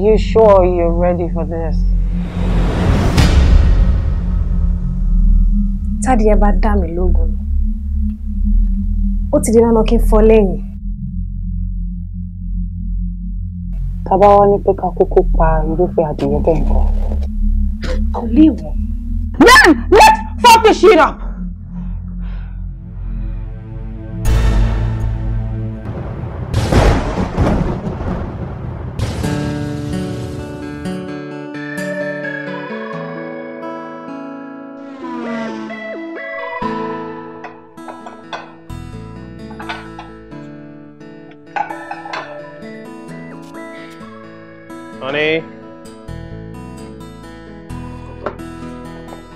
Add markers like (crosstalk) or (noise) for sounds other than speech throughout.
Are you sure you're ready for this? Tádì ẹ bá dá mi lógun. Ó ti di lánàá kí n fọ́ lẹ́yìn. Tàbá wá ní pé ká kúkú pa irúfẹ́ adìyẹ bẹ́ẹ̀ kan. Kò léèwọ̀. Then let's fuck this shit up!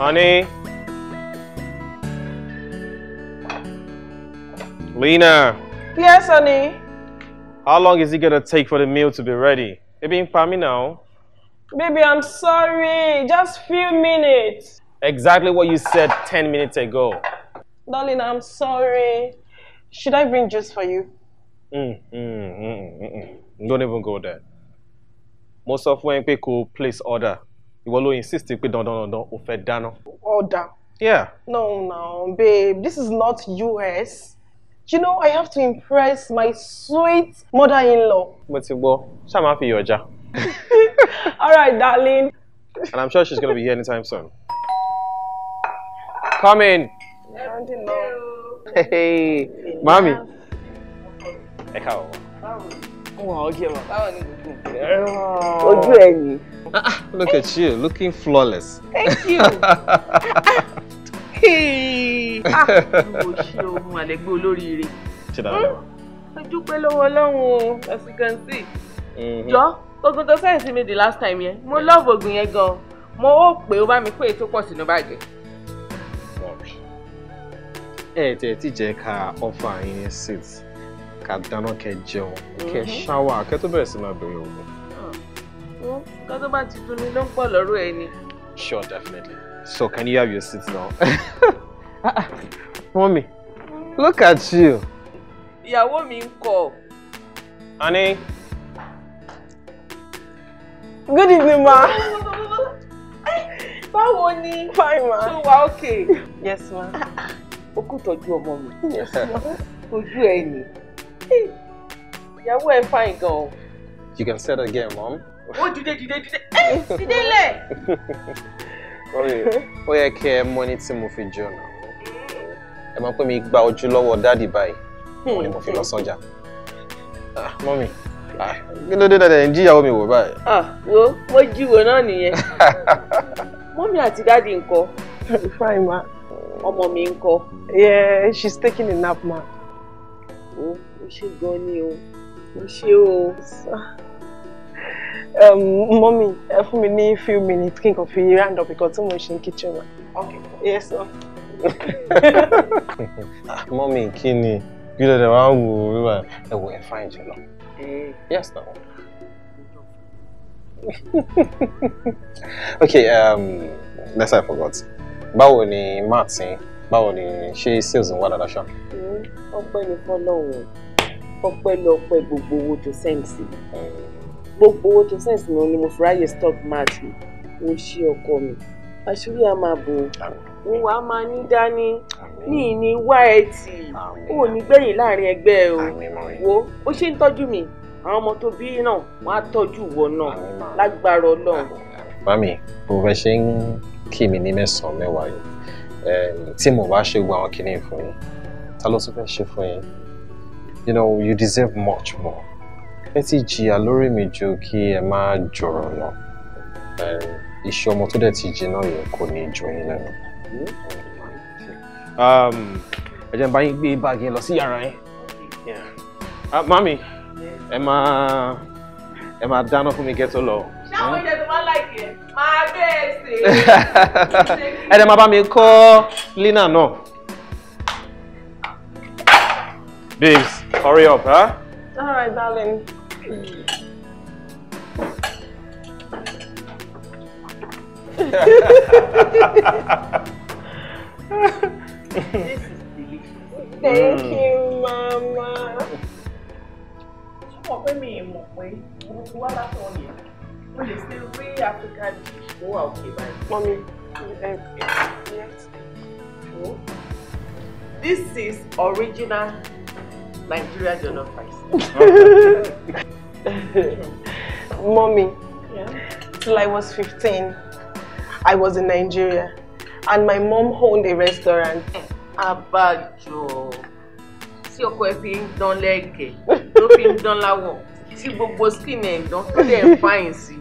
Honey. Lena. Yes, honey. How long is it gonna take for the meal to be ready? It being me now. Baby, I'm sorry. Just few minutes. Exactly what you said 10 minutes ago. Darling, I'm sorry. Should I bring juice for you? Mm, mm, mm, mm, mm. Don't even go there. Most of when people place order. ìwọ ló insist pé dandan dandan o fẹ́ dáná. ọ̀dà. yeah. no no babe this is not US you know I have to impress my sweet mother-in-law. mo ti gbọ́ ṣáà máa fi yọjà. (laughs) all right darling. and I'm sure she's gonna be here anytime soon. come in. Hello. hey, hey. mami. ẹ káàbọ̀. báwo wà ókè mà báwo ah, ah, look at you looking flawless. thank you. (laughs) ah hmm, as you can see. Mm-hmm. the last time yẹn mo love ogun yẹn gan mo ó pé ó bá mi pé ètò pọ̀ sínú bàjẹ́ ẹ tẹ ti jẹ ká ọfà yín six ká dáná kẹ́ jẹun kẹ́ mhm. ṣáwà kẹ́ tó bẹ̀rẹ̀ sí máa bẹ̀rẹ̀ ogun. Ah. wọ́n kọ́ tó bá ti dun ni ló ń pọ̀ lọ́rọ̀ ẹ ni. sure definitely so can you have your seat now. (laughs) Ah, ah. Mommy, look at you. ìyàwó mi ń kọ́. honey. good evening ma. (laughs) báwo ni. fine ma. So, wa okay. yes ma. o kò tọ́jú ọmọ mi. yes ma. ojú ẹ ni ìyàwó ẹ fine gan you can say that again mom. ó dìde dìde dìde ẹ (laughs) eh, dìde lẹ. ó yẹ kí ẹ mọ ní tí mo fi jọ náà ẹ máa pè mí gba ojú lọ́wọ́ dáàdì báyìí mo ni mo fi lọ hmm. sọ́jà. Ah, mọ́mì ah, kí ló dé dáadáa ẹ̀ ń jíyàwó mi wò báyìí. Ah, wo mo jíwò náà nìyẹn (laughs) mọ́mì àti dáàdì ńkọ́. fine ma. ọmọ mi ńkọ́. yeah she's taking a nap ma. Mm o ṣe gan ni o o ṣe o. mọ́mí um, ẹ fún mi ní few minutes kí n kàn fi round up ìkan tí mo ṣe ní kitchen wa. yes sir. (laughs) mọ́mí kí ni kí ló dé wá wò ó wíwá ẹ wò ẹ fáìn jù lọ. Eh. yes na. (laughs) okay um, that's I forgot báwo ni martin báwo ni ṣe sales ń wà dáadáa ṣá. Hmm, ọpẹ́ ní fọlọ́run ọpẹ́lọpẹ́ gbogbo owó tó sẹ́ǹsì gbogbo owó tó sẹ́ǹsì náà ni mo fi ráyè stock market ó ṣe ọkọ mi àṣírí a máa bò ó wàá máa ní dání ní ìní wá ẹ tì ó ní gbẹ̀yìn láàrin ẹgbẹ́ o wo ó ṣe ń tọ́jú mi àwọn ọmọ tó bí náà wọ́n á tọ́jú ìwọ náà lágbára Ọlọ́run. mami bó fẹ́ ṣe ń kí mi ní mẹ́sàn-án mẹ́wàá yìí tí mo bá ṣe gbọ́ àwọn kìnìún fún yín ta ló tún fẹ́ ṣe fún yín you know you deserve much more ẹ ti jìyà lórí mi ju kí ẹ má jọ̀rọ̀ lọ iṣẹ́ ọmọ tó dẹ̀ ti jiná yẹn kò ní jọ yín lẹ́nu. Um, ẹ jẹ́ n bá yín gbé báàgì lọ sí yàrá yín uh, mami ẹ máa ẹ máa dáná fún mi gẹ́tọ́ lọ. ṣáwọn oúnjẹ tó máa láìpẹ́ máa bẹ́ẹ̀ ṣe é. (laughs) máa bá mi kọ́ lina náà. Babes, hurry up, huh? All right, darling. Thank mm. you, Mama. Mommy, eh, eh, This is original Nigeria jollof rice. Mommy, yeah. till I was 15, I was in Nigeria and my mom owned a restaurant. Eh, Abajo, si o ẹ fi don leke, lẹ́ẹ̀kẹ́, ló don la wo, si tí gbogbo skin ẹ̀ ń dán, tó dẹ̀ ń fàyìn sí.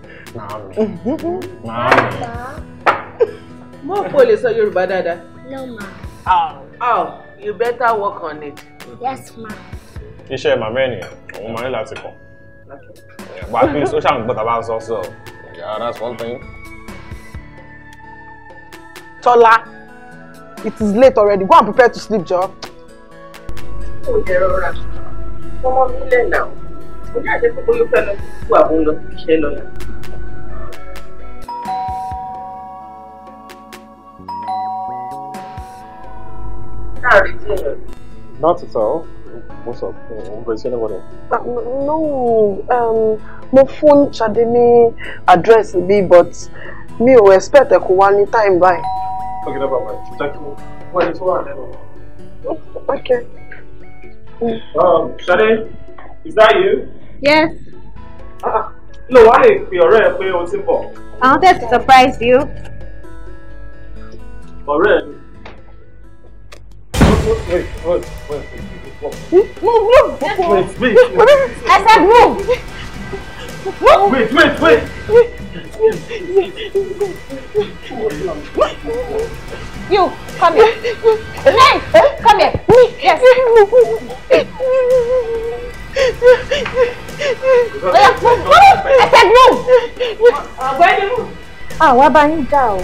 Mọ̀ pé o lè sọ Yorùbá dáadáa. No ma. Oh, oh, you better work on it yes ma. iṣẹ́ màmá ẹ̀ nìyẹn òun máa ń láti kàn. but at social, ó ṣàǹgbọ́n tàbá sọ so yeah that's one thing. Tola, it is late already. Go and prepare to sleep, Jo. Oh, dear, Rora. Come on, we learn now. We can't just go you fellow who are going to share now. Sorry, dear. Not at all. What's up? Wọ́n ṣe ní wọ́n. No, um, mo fún Ṣadé ní address bí but me, ò expect a kó time by. Ok, dábàá báyìí, ṣe jẹ́ kí wọ́n ẹni tó Um, Ṣadé, is that you? Yes. Ah, ah. no, wàá lè fi ọ̀rẹ́ ẹ pé o I wanted to surprise you. Alright. Move, move. Move, move! Wait, wait, wait. I said move! Move! Wait, wait, wait! You, come here. Hey, come here. Me, Yes. Move! I said move! Ah, where? Àwa bá yín dá o.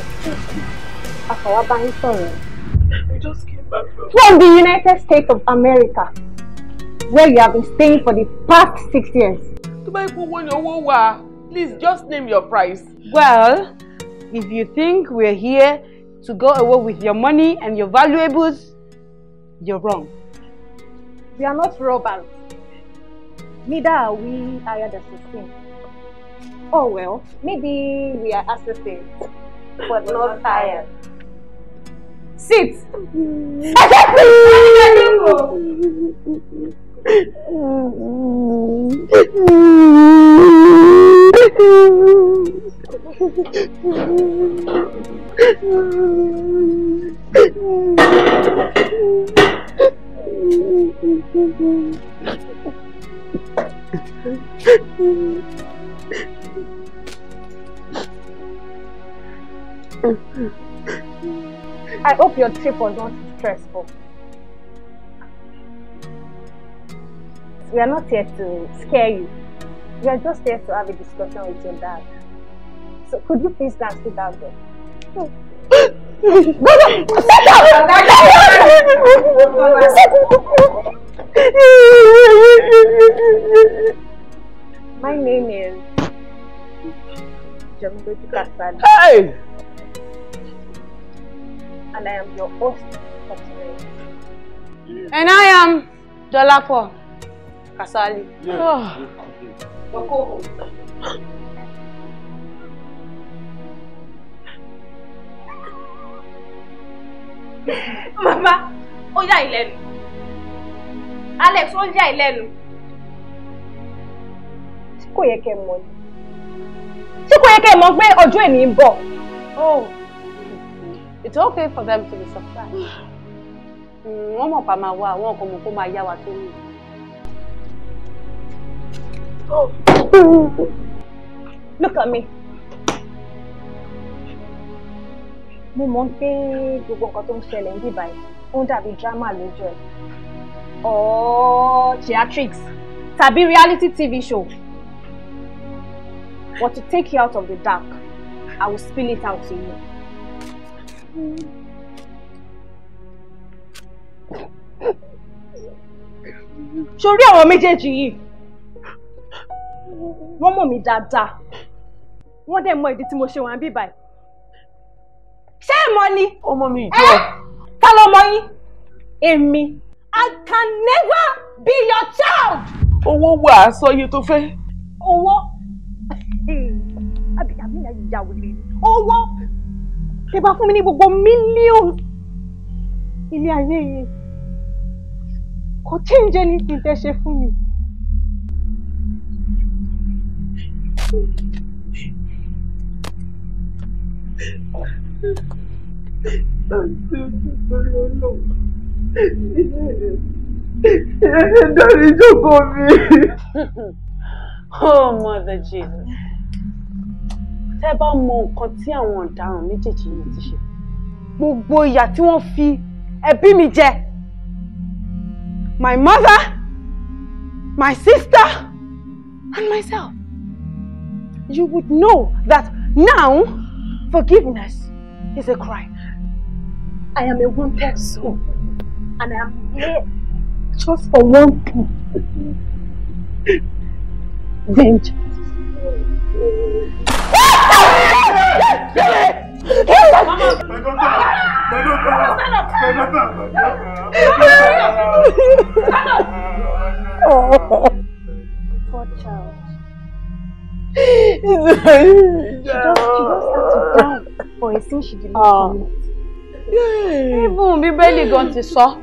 Àfọwọ́ bá yín sọ̀rọ̀. from the United States of America, where you have been staying for the past six years. To buy please just name your price. Well, if you think we're here to go away with your money and your valuables, you're wrong. We are not robbers. Neither are we hired assistants. Oh well, maybe we are assistants, but not hired. Sit. (laughs) I hope your trip was not stressful. We are not here to scare you. We are just here to have a discussion with your dad. So could you please dance with that girl? sit down! My name is Jambo Kasad. Hey! and I am your host for today. And I am Dolapo Kasali. Yeah. Oh. Your co-host. Mama, ó yà ìlẹ́nu. Alex, ó yà ìlẹ́nu. Ṣé kò yẹ kẹ́ mọ̀ ni? Ṣé kò yẹ kẹ́ Oh it's okay for them to be surprised. Mm, wọ́n mọ̀ pa máa wá àwọn ọkọ̀ mọ̀ kó máa yá wa tó ní. Look at me. mo mọ̀ pé gbogbo nǹkan tó ń ṣẹlẹ̀ níbí báyìí ó ń dàbí drama lójú ẹ̀ or theatrics tàbí reality tv show but to take you out of the dark i will spill it out to you. Ṣorí àwọn méjèèjì yìí, wọ́n mọ̀ mí dáadáa, wọ́n dẹ̀ mọ ìdí tí mo ṣe wà ń bí báyìí. Ṣé ẹ mọ̀ ni? Ọmọ mi ìjọ. Ta ló mọ yín? Èmi. I can never be your child. Owó wà á sọ iye tó fẹ́. Owó. Àbí àbí ìyá yìí yà wò lè ní. Owó ṣe bá fún mi ní gbogbo mílíọ̀nù ilé ayé yìí kò change anything tẹ́ ṣe fún mi. mi. Oh, Mother Jesus tẹ́ bá mọ nǹkan tí àwọn ọ̀daràn méjèèjì yìí ti ṣe gbogbo ìyà tí wọ́n fi ẹbí mi jẹ my mother my sister and myself you would know that now forgiveness is a crime. I am a wanted soul and I am here just for one thing. (laughs) Vengeance. Poor child. She just, she just had to die for a sin she did not commit. Even Bíbélì gan ti sọ.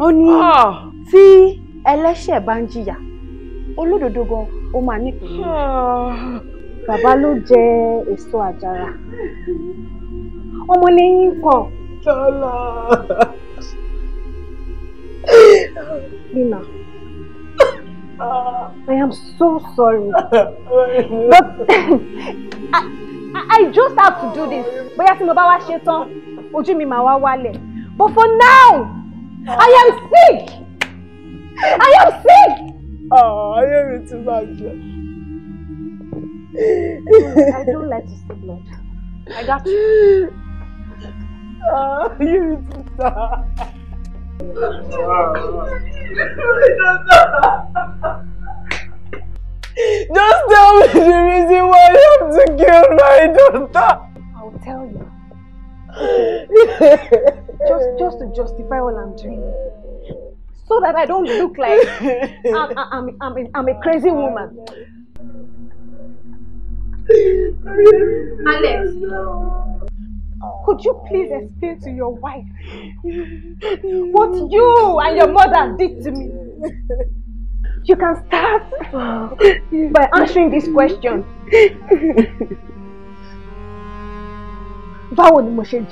Ó ní ah. tí ẹlẹ́ṣẹ̀ bá ń do olódodo gan ó máa nípìnlẹ̀ hmm. (sighs) bàbá ló jẹ èso àjàrà ọmọlẹ́yìn kan. tọ́lá. Nina, ah. I am so sorry, (laughs) but (laughs) I, I just have to do this. Bóyá tí mo bá wá ṣe tán, ojú mi máa wá wálẹ̀. But for now, ah. I am sick. I am sick. ayé mi too much. I don't like to see blood. I got you. Ayé mi ti ta. Just tell me the reason why you have to kill my daughter. I'll tell you. (laughs) just, just to justify what I'm doing so that I don't look like (laughs) I'm, I'm, I'm, a, I'm a crazy woman. Alex, could you please explain to your wife what you and your mother did to me? You can start by answering this question. Báwo ni mo ṣe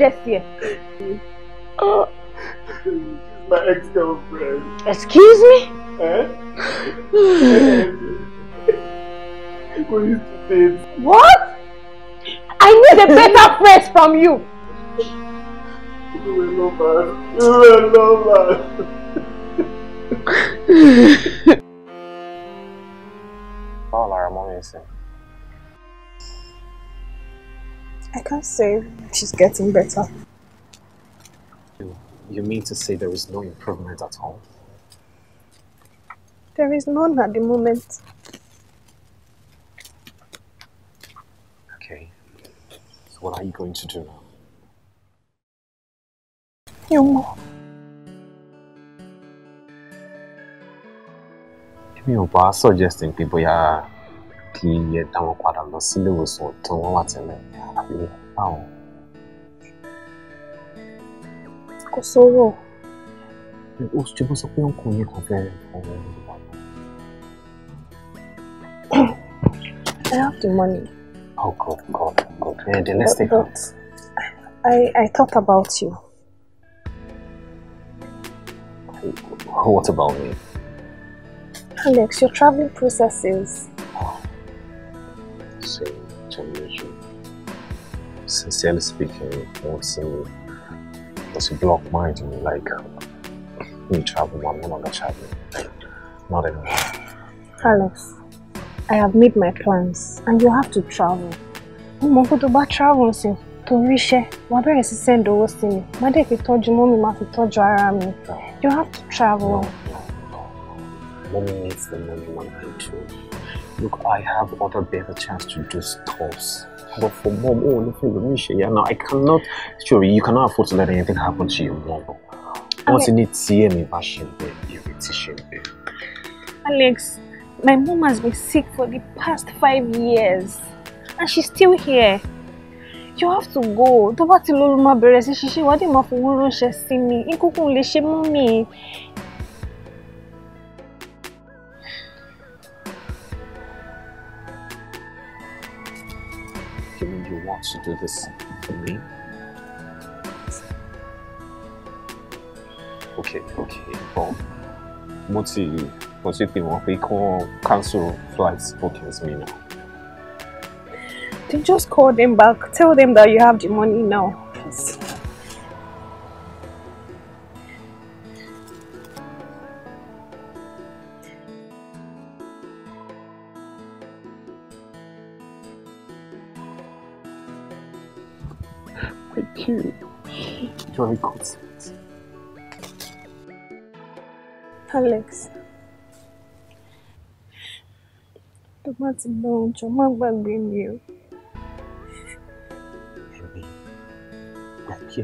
my ex-girlfriend. Excuse me? Huh? we used to date. What? I need a better (laughs) phrase from you. You were lovers. You were lovers. Báwo lára mọ́ mi sí? I can't say she's getting better. You mean to say there is no improvement at all? There is none at the moment. Okay. So what are you going to do now? You more. èmi ò bá suggesting pé bóyá kí ẹ dá wọn padà lọ sílé ìwòsàn tó wọn wà tẹ́lẹ̀ àbí báwọn. I have the money. Oh God, God, God. Yeah, let's take but I, I thought about you. What about me? Alex, your traveling process is... Oh. Same Sincerely speaking, once in does it block mine? Like, you travel, mom, no longer travel. Not anymore. Alex, I have made my plans and you have to travel. Mo kó tó bá travel sí torí iṣẹ́, wàá bẹ̀rẹ̀ sí send owó sí mi. Má dẹ̀ fi tọ́jú mọ́mí, má fi tọ́jú ara mi. You have to travel. No, no, no. Mommy needs the money when I Look, I have other better chance to do stuffs. But for mom, oh, nothing will miss you. Now, I cannot, sure, you cannot afford to let anything happen to your mom. Once you need TM me, passion, you'll petition. teaching. Alex, my mom has been sick for the past five years and she's still here. You have to go. Tó bá ti lólu máa bẹ̀rẹ̀ she. ṣiṣẹ́ ìwádìí máa fowó ránṣẹ́ see me? Ikúkú lè ṣe mú mi. to do this for me. Okay, okay, bon. Mo ti mo ti pè wọ́n cancel flights bookings me now. Then just call them back. Tell them that you have the money now. Please. very good sense. Alex, tó bá ti lọ òjò má gbàgbé mi o. Èmi gbà kí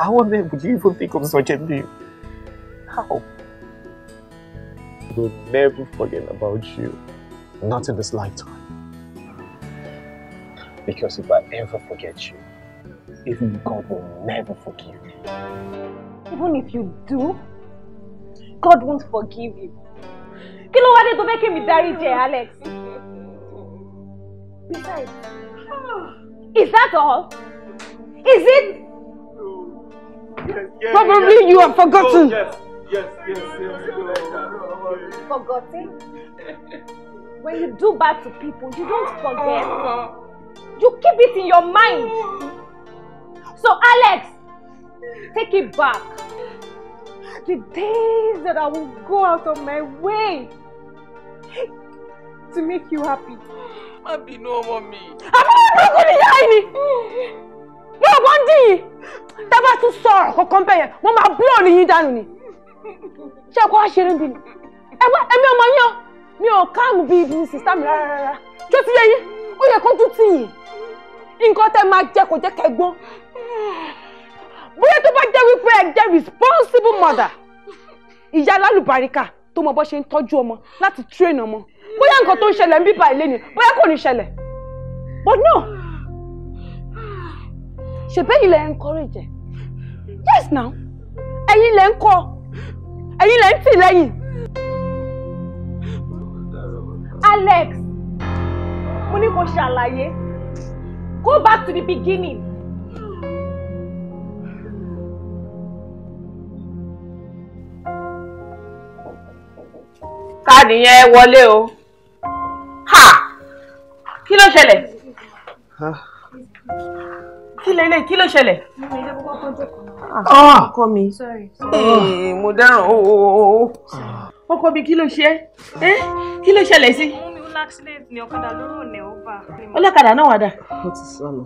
How on earth would you even think of such a thing? How? We'll never forget about you. Not in this lifetime. Because if I ever forget you, even God will never forgive you. Even if you do, God won't forgive you. Kilo ló tó make me die dárí jẹ Alex? Besides, is that all? Is it? Yes, yes, Probably yes, you have forgotten. yes, yes, yes, yes. yes. Forgotten? When you do bad to people, you don't forget. You keep it in your mind. So, Alex, take it back. The days that I will go out of my way to make you happy. Má bínú ọmọ mi. Àbúrò burúkú ni yáa ni. Wọ́n kàn ń dín yìí. Tábà tún sọ̀rọ̀ kankan bẹ̀yẹn, wọ́n máa búlọ̀ọ̀lù yín dànù ni. Ṣé ẹ̀kọ́ àṣírí ń bì ní? Ẹ̀gbọ́n ẹ̀mí ọmọ yín o, mi ò káàmù bíi ibi sísá mi rárá rárá. Jó ti yẹ yín, ó yẹ kó tún tì nǹkan tẹ́ máa jẹ kò jẹ́ kẹ́ gbọ́n bóyá tó bá jẹ́ wípé ẹ jẹ́ responsible mother ìyá alálùbáríkà tó mọ bó ṣe ń tọ́jú ọmọ láti train ọmọ bóyá nǹkan tó ń ṣẹlẹ̀ ń bíbá ilé ni bóyá kò ní ṣẹlẹ̀ but no ṣèbẹ́yìn lẹ́ encourage yes now ẹ̀yin lẹ́ ń kọ́ ẹ̀yin lẹ́ ń tì lẹ́yìn. Alex mo ní kó ṣàlàyé. Go back to the beginning. Ta nìyẹn wọlé o? Ha! Kilo Kí ló ṣẹlẹ̀? Kí lélẹ̀ kí ló ṣẹlẹ̀? Ah! Ah! Ọkọ mi. Eh, mo dáràn o. Ah. Ọkọ mi kí ló ṣe é? Eh? Kí ló ṣẹlẹ̀ sí? tún láṣílẹ̀ ní ọ̀kadà lórí òní ọba. ọlọ́kadà náà wà dà. mo ti sọ lọ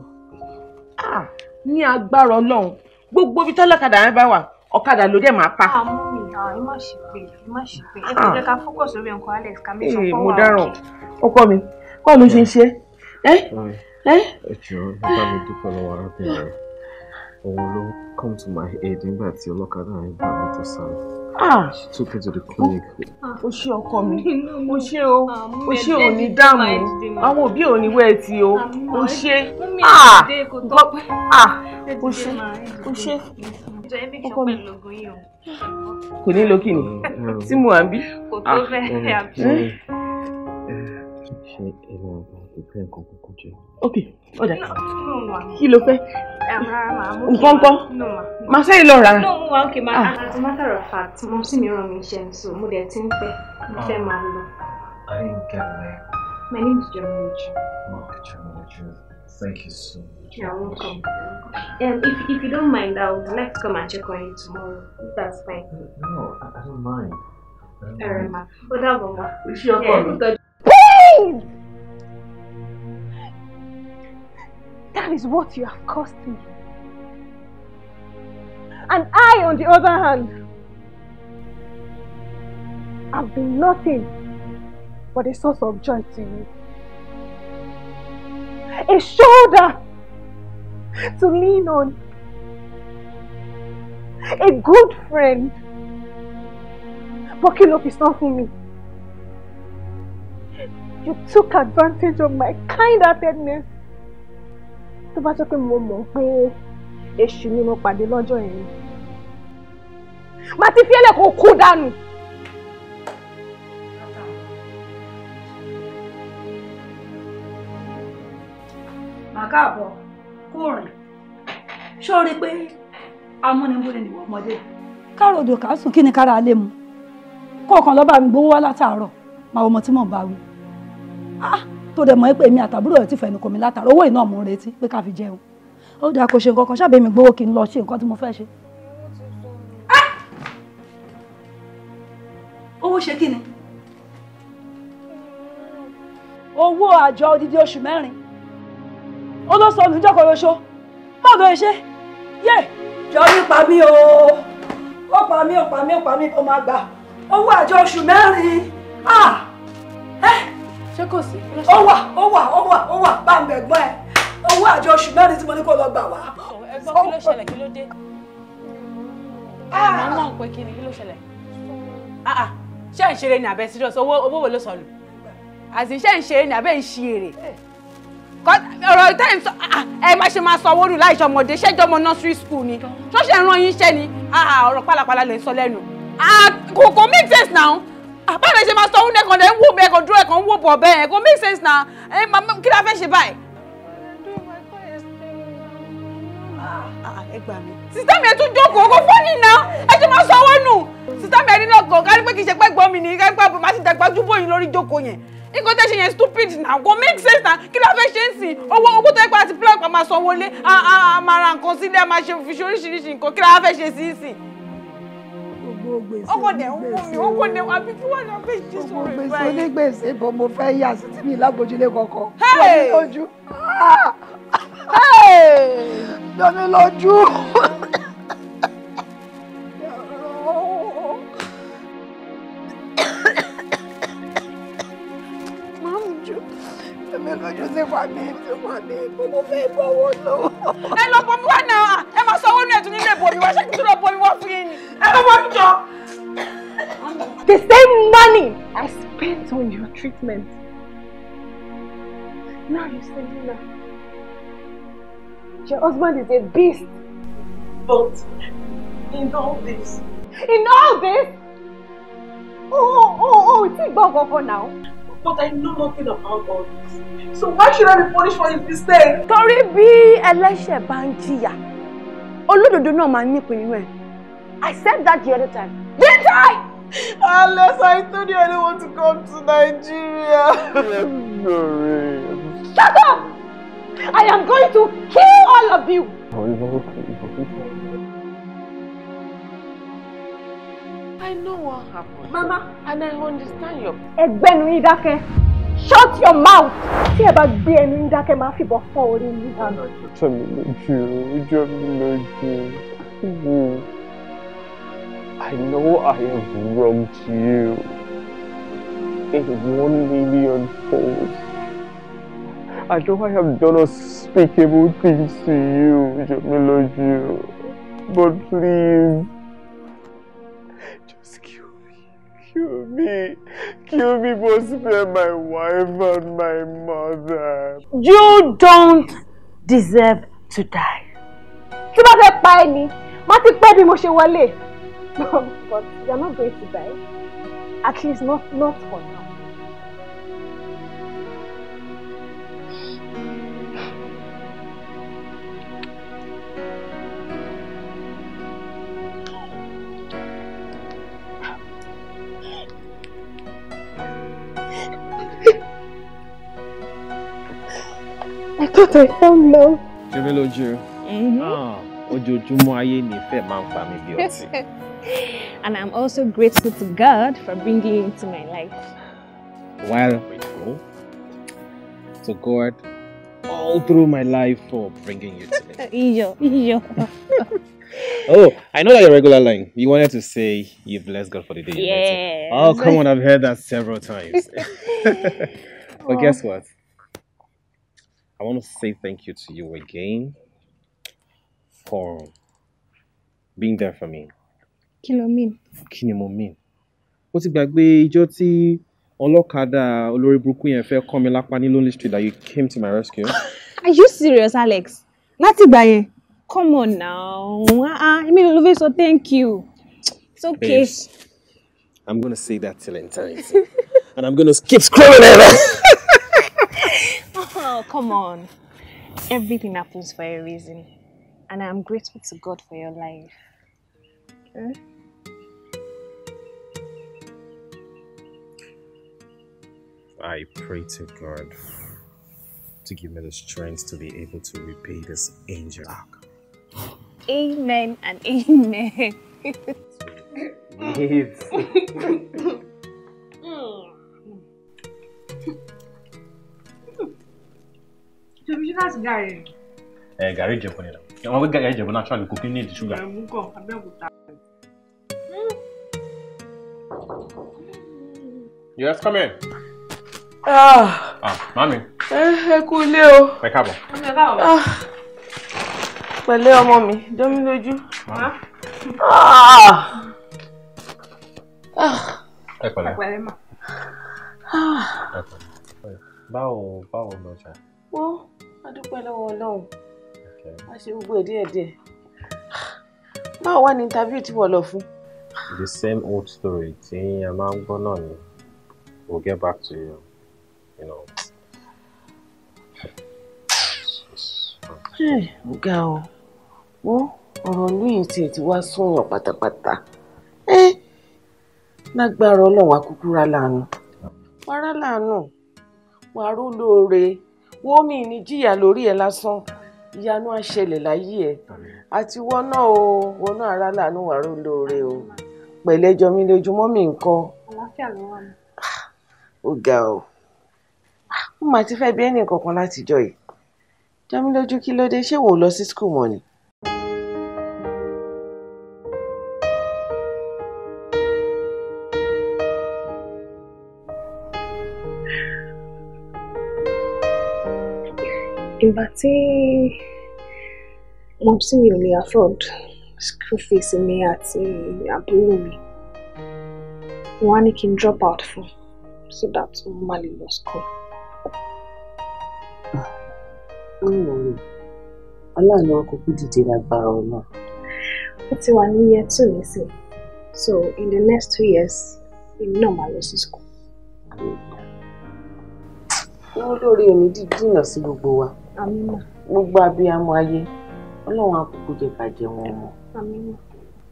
ah, ní agbára ọlọ́run gbogbo ibi tọ́lọ́kadà rẹ bá wà ọ̀kadà ló dẹ̀ máa pa. àmú mi àwọn ẹ má ṣe pé má ṣe pé ẹ kò jẹ́ ká fókọ̀ sórí nǹkan Alex eh, ká mi sọ fọwọ́ àwọn. mo dáràn ọkọ mi báwo ló ṣe ń ṣe ẹ. ẹ jọ nípa mi dúpẹ́ lọ́wọ́ arábìnrin òun ló come to my aid nígbà tí ọlọ́kadà rẹ gbà mí tó sáré. Ah, she took her to the clinic. O ṣé ọkọ mi, o ṣé o, o ṣé ò ní dààmú, àwọn òbí O ní wẹ́ ti o, o ṣé, ah, o ṣé, o ṣé, ọkọ mi. Kò ní lo kíni, mm. tí mo à ń bí. Kò tó fẹ́ ah. mm. àbí. Mm. Ṣé ẹ eh, máa ìfẹ́ nǹkan kúkú jẹ. ok ọ̀dà kí ló fẹ́. Eh, nǹkan Ma máa sẹ́yìn lọ rà. no mo ok ma ah. as a matter of fact mo sì mi ràn mí so mo dẹ̀ ti ń pẹ́ mo ah. I am not get there. My name is Jamaloju. Mark Jamaloju, thank you so much. You're welcome. Um, if, if you don't mind, I would like to come and check on you tomorrow, if that's fine. Uh, no, I, don't mind. I don't mind. All right, ma. Ó dàbọ̀ ma. Iṣẹ́ your mi. Please! That is what you have cost me. And I, on the other hand, have been nothing but a source of joy to you. A shoulder to lean on. A good friend. Bucking up is not for me. You took advantage of my kind-heartedness tó bá jẹ́ pé mo mọ̀ pé èṣù ni mo pàdé lọ́jọ́ yẹn màá ti fi ẹlẹ́kọ̀ọ́ kú dànù. màkàbọ̀ kó rìn ṣó rí i pé amúnibúni ni wọ́n mọ́lé. káàrò odò kàásùn kí ni kára lè mu kọ̀ọ̀kan lọ́ba mi gbowó wá látàárọ̀ màá wọ́n mọ tí mò ń bá wí. ah tó dẹ̀ mọ́ pé èmi àtàbúrò ẹ̀ ti fẹ̀nu kò mí látara owó iná mò ń retí pé ká fi jẹun ó dáa kó ṣe nǹkan kan ṣàbẹ̀mí gbowó kí n lọ ṣe nǹkan tí mo fẹ́ ṣe. Ah! owó ṣe kí ni. owó àjọ odidi oṣù mẹ́rin olóṣòlù jọ́kọ̀ lóṣó báwo ló ṣe yé jọ ní pa mí o ó pa mí ó pa mí ó pa mí ó máa gbà owó àjọ oṣù mẹ́rin ah ẹ́. Eh ṣé kò sí. ó wà ó wà ó wà ó wà bá ń bẹ̀ gbọ́n ẹ owó àjọ oṣù mẹ́rin tí mo ní kó lọ gbà wá. ẹgbọ́n kí ló ṣẹlẹ̀ kí ló dé. Ah! àmọ́ náà pé kí ni kí ló ṣẹlẹ̀. Ah, ah. ṣé ń ṣeré ní abẹ́ serious owó owó wo ló sọnù àti ṣé ń ṣeré ní abẹ́ ń ṣe èrè ọ̀rọ̀ tẹ́yìn sọ ẹ má ṣe máa sọ owó rù láìṣọ ọmọdé ṣẹ́jọ́ ọmọ nursery school ni ṣọ́ṣẹ́ ń rán yín iṣẹ́ ni ọ̀rọ̀ pálapàla lè sọ lẹ́nu kò kò make sense now àbáfẹ́ ṣe máa sọ òun ẹ̀kan lẹ́ ń wò bẹ́ẹ̀ kan dúró ẹ̀kan ń wò bọ̀ bẹ́ẹ̀ kò make sense na kí la fẹ́ ṣe báyìí. Ah, sísá mi ẹ tún jókòó kó fọ́ọ̀nì náà ẹ tún máa sọ owó nù sísá mi ẹ ní lọ́gàn kárí pé kì í ṣe pé gbọ́ mi ní kárí pé àbùmá ti dàgbà jù bóyin lórí jókòó yẹn nǹkan tẹ́ ṣe yẹn stupid na kò make sense na kí la fẹ́ ṣe ń sìn owó owó tó yẹ pé àti plug pa máa sanwó lé a máa ra nǹkan sílé máa ṣe fi ṣe oríṣiríṣi nǹkan kí la fẹ́ ṣe sí í sìn ọkọ dẹ̀ ń wọ onígbèsè bò mo fẹ́ yà sí mi lágbójúlé kọ̀ọ̀kan. lómi lójú. lómi lójú. lójú ẹ lọ bọ̀ mí wá náà. bomi wá ṣé kí n tún lọ The same money I spent on your treatment. Now you say now. Your husband is a beast. But in all this. In all this? Oh, oh, oh, oh it's a bug over now. But I know nothing about all this. So why should I be punished for his mistake? Torí B, Elisha bá olódodo náà máa nípìn nínú ẹ̀ I said that the other time didn't I. Unless I told you I don't want to come to Nigeria. Shut up! I am going to kill all of you. I know what happened. Mama, and I understand you. Ẹgbẹ́nu yín dákẹ́ shut your mouth. tí ẹ bá gbé ẹnu yín dákẹ́ máa fìbọn fọ́ orí yín dànù. jọ mi lójú o mi lójú I know I have wronged you It won't million folds. I know I have done unspeakable things to you, Jamiloju, but please. me. Kill me, for spare my wife and my mother. You don't deserve to die. Tí bá fẹ́ pa ẹ́ ni, má ti pẹ́ bí mo ṣe wọlé. (laughs) But you're not going to die. At least not, not for now. thought I found love. lójú. Mm-hmm. Ah, ni (laughs) And I'm also grateful to God for bringing you into my life. Well, grateful to God all through my life for bringing you to me. (laughs) (laughs) oh, I know that your regular line. You wanted to say you bless God for the day. Yes. Oh, come on, I've heard that several times. but guess what? I want to say thank you to you again for being there for me. Kí ló mean? Kí ni mo mean? Ó ti gbàgbé ijó tí ọlọ́kadà olórí burúkú yẹn fẹ́ kọ́ mi lonely street that you came to my rescue. (laughs) Are you serious, Alex? Láti gbà yẹn? Come on now. Ah, ló fẹ́ sọ thank you. It's okay. Babes, I'm gonna say that till eternity. (laughs) and I'm gonna keep screaming it. (laughs) (laughs) oh, come on. Everything happens for a reason. And I'm grateful to God for your life. Hmm? I pray to God to give me the strength to be able to repay this angel. Amen and amen. (laughs) that's garri. ẹ garri jẹ fún yẹn náà wọn gbé actually kò kí ní èdè ṣúgà. yes come in. ah, ah mami. Eh, ẹ kú ilé o. ẹ káàbọ̀. ẹ káàbọ̀. Ah. pẹ̀lẹ́ ọmọ mi dómi lójú. Ah. ah. Ah. ẹ pẹ̀lẹ́ ma. báwo báwo lọ jà. wọ́n a dúpẹ́ lọ́wọ́ ọlọ́run a ṣe gbogbo ẹ̀ díẹ̀díẹ̀ báwo wá ní interview tí wọ́n lọ fún. the same old story tí a máa ń gbọ́ náà ni we'll get back to you you know. ọ̀gá o wo ọ̀rọ̀ lóyún tiẹ̀ ti wá sọ̀yàn pátápátá lágbára ọlọ́run akúkú rà láàánú wàá rà láàánú wàá rú lóore wo mi ní jìyà lórí ẹ lásán ìyanu á ṣẹlẹ̀ láyé ẹ àti wọnà o wọnà ara làánú wà ró lóore o pẹ̀lẹ́jọ mi lójúmọ́ mi nǹkan. àlàáfíà ló wà ní. ó ga o mo máa ti fẹ́ bí ẹnì kankan látijọ́ yìí jọ mi lójú kí ló dé ṣé wò ó lọ sí school mọ́ ni. ìgbà tí mom sí mi ò lè afford school fees mi àti àbúrò mi wọ́n á ní kí n drop out fún so that mo má lè lọ school. Ah, aláàánú akókó dìde lágbára ọ̀nà. ó ti wà ní year two nísìn so in the next two years èmi náà máa lọ sí school. wọ́n lórí onídìí dìnnà sí gbogbo wa gbogbo abiyamọ ayé ọlọ́run àkókò jẹ bàjẹ́ wọn mọ́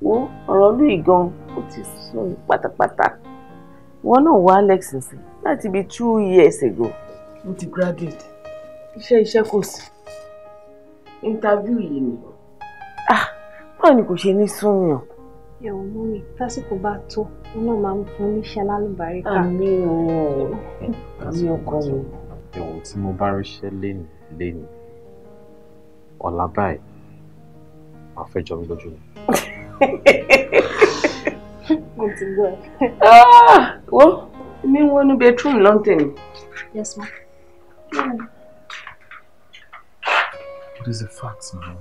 wo ọ̀rọ̀ lùí gan ó ti sùn pátápátá wọn náà wá Alex nsìn láti bíi two years ago. mo ti graduate iṣẹ́ iṣẹ́ kò sí interview yìí ni. ah báwo ni kò ṣe ní súnyàn. ẹ̀wọ̀n mú mi tásìkò bá tó wọn náà máa ń fún níṣẹ́ lálùbáríkà. àmì ọ̀rọ̀ (laughs) àmì ọkọ mi. ẹ̀wọ̀n tí mo bá ríṣẹ́ lénìí lẹ́nu ọ̀la báyìí máa fẹ́ jọ mí lójú ni. mo ti gbọ́ ẹ. Ah, wo mi ń wọnú bedroom lọ́ntẹ̀ ni. yes ma. What is the fact, man.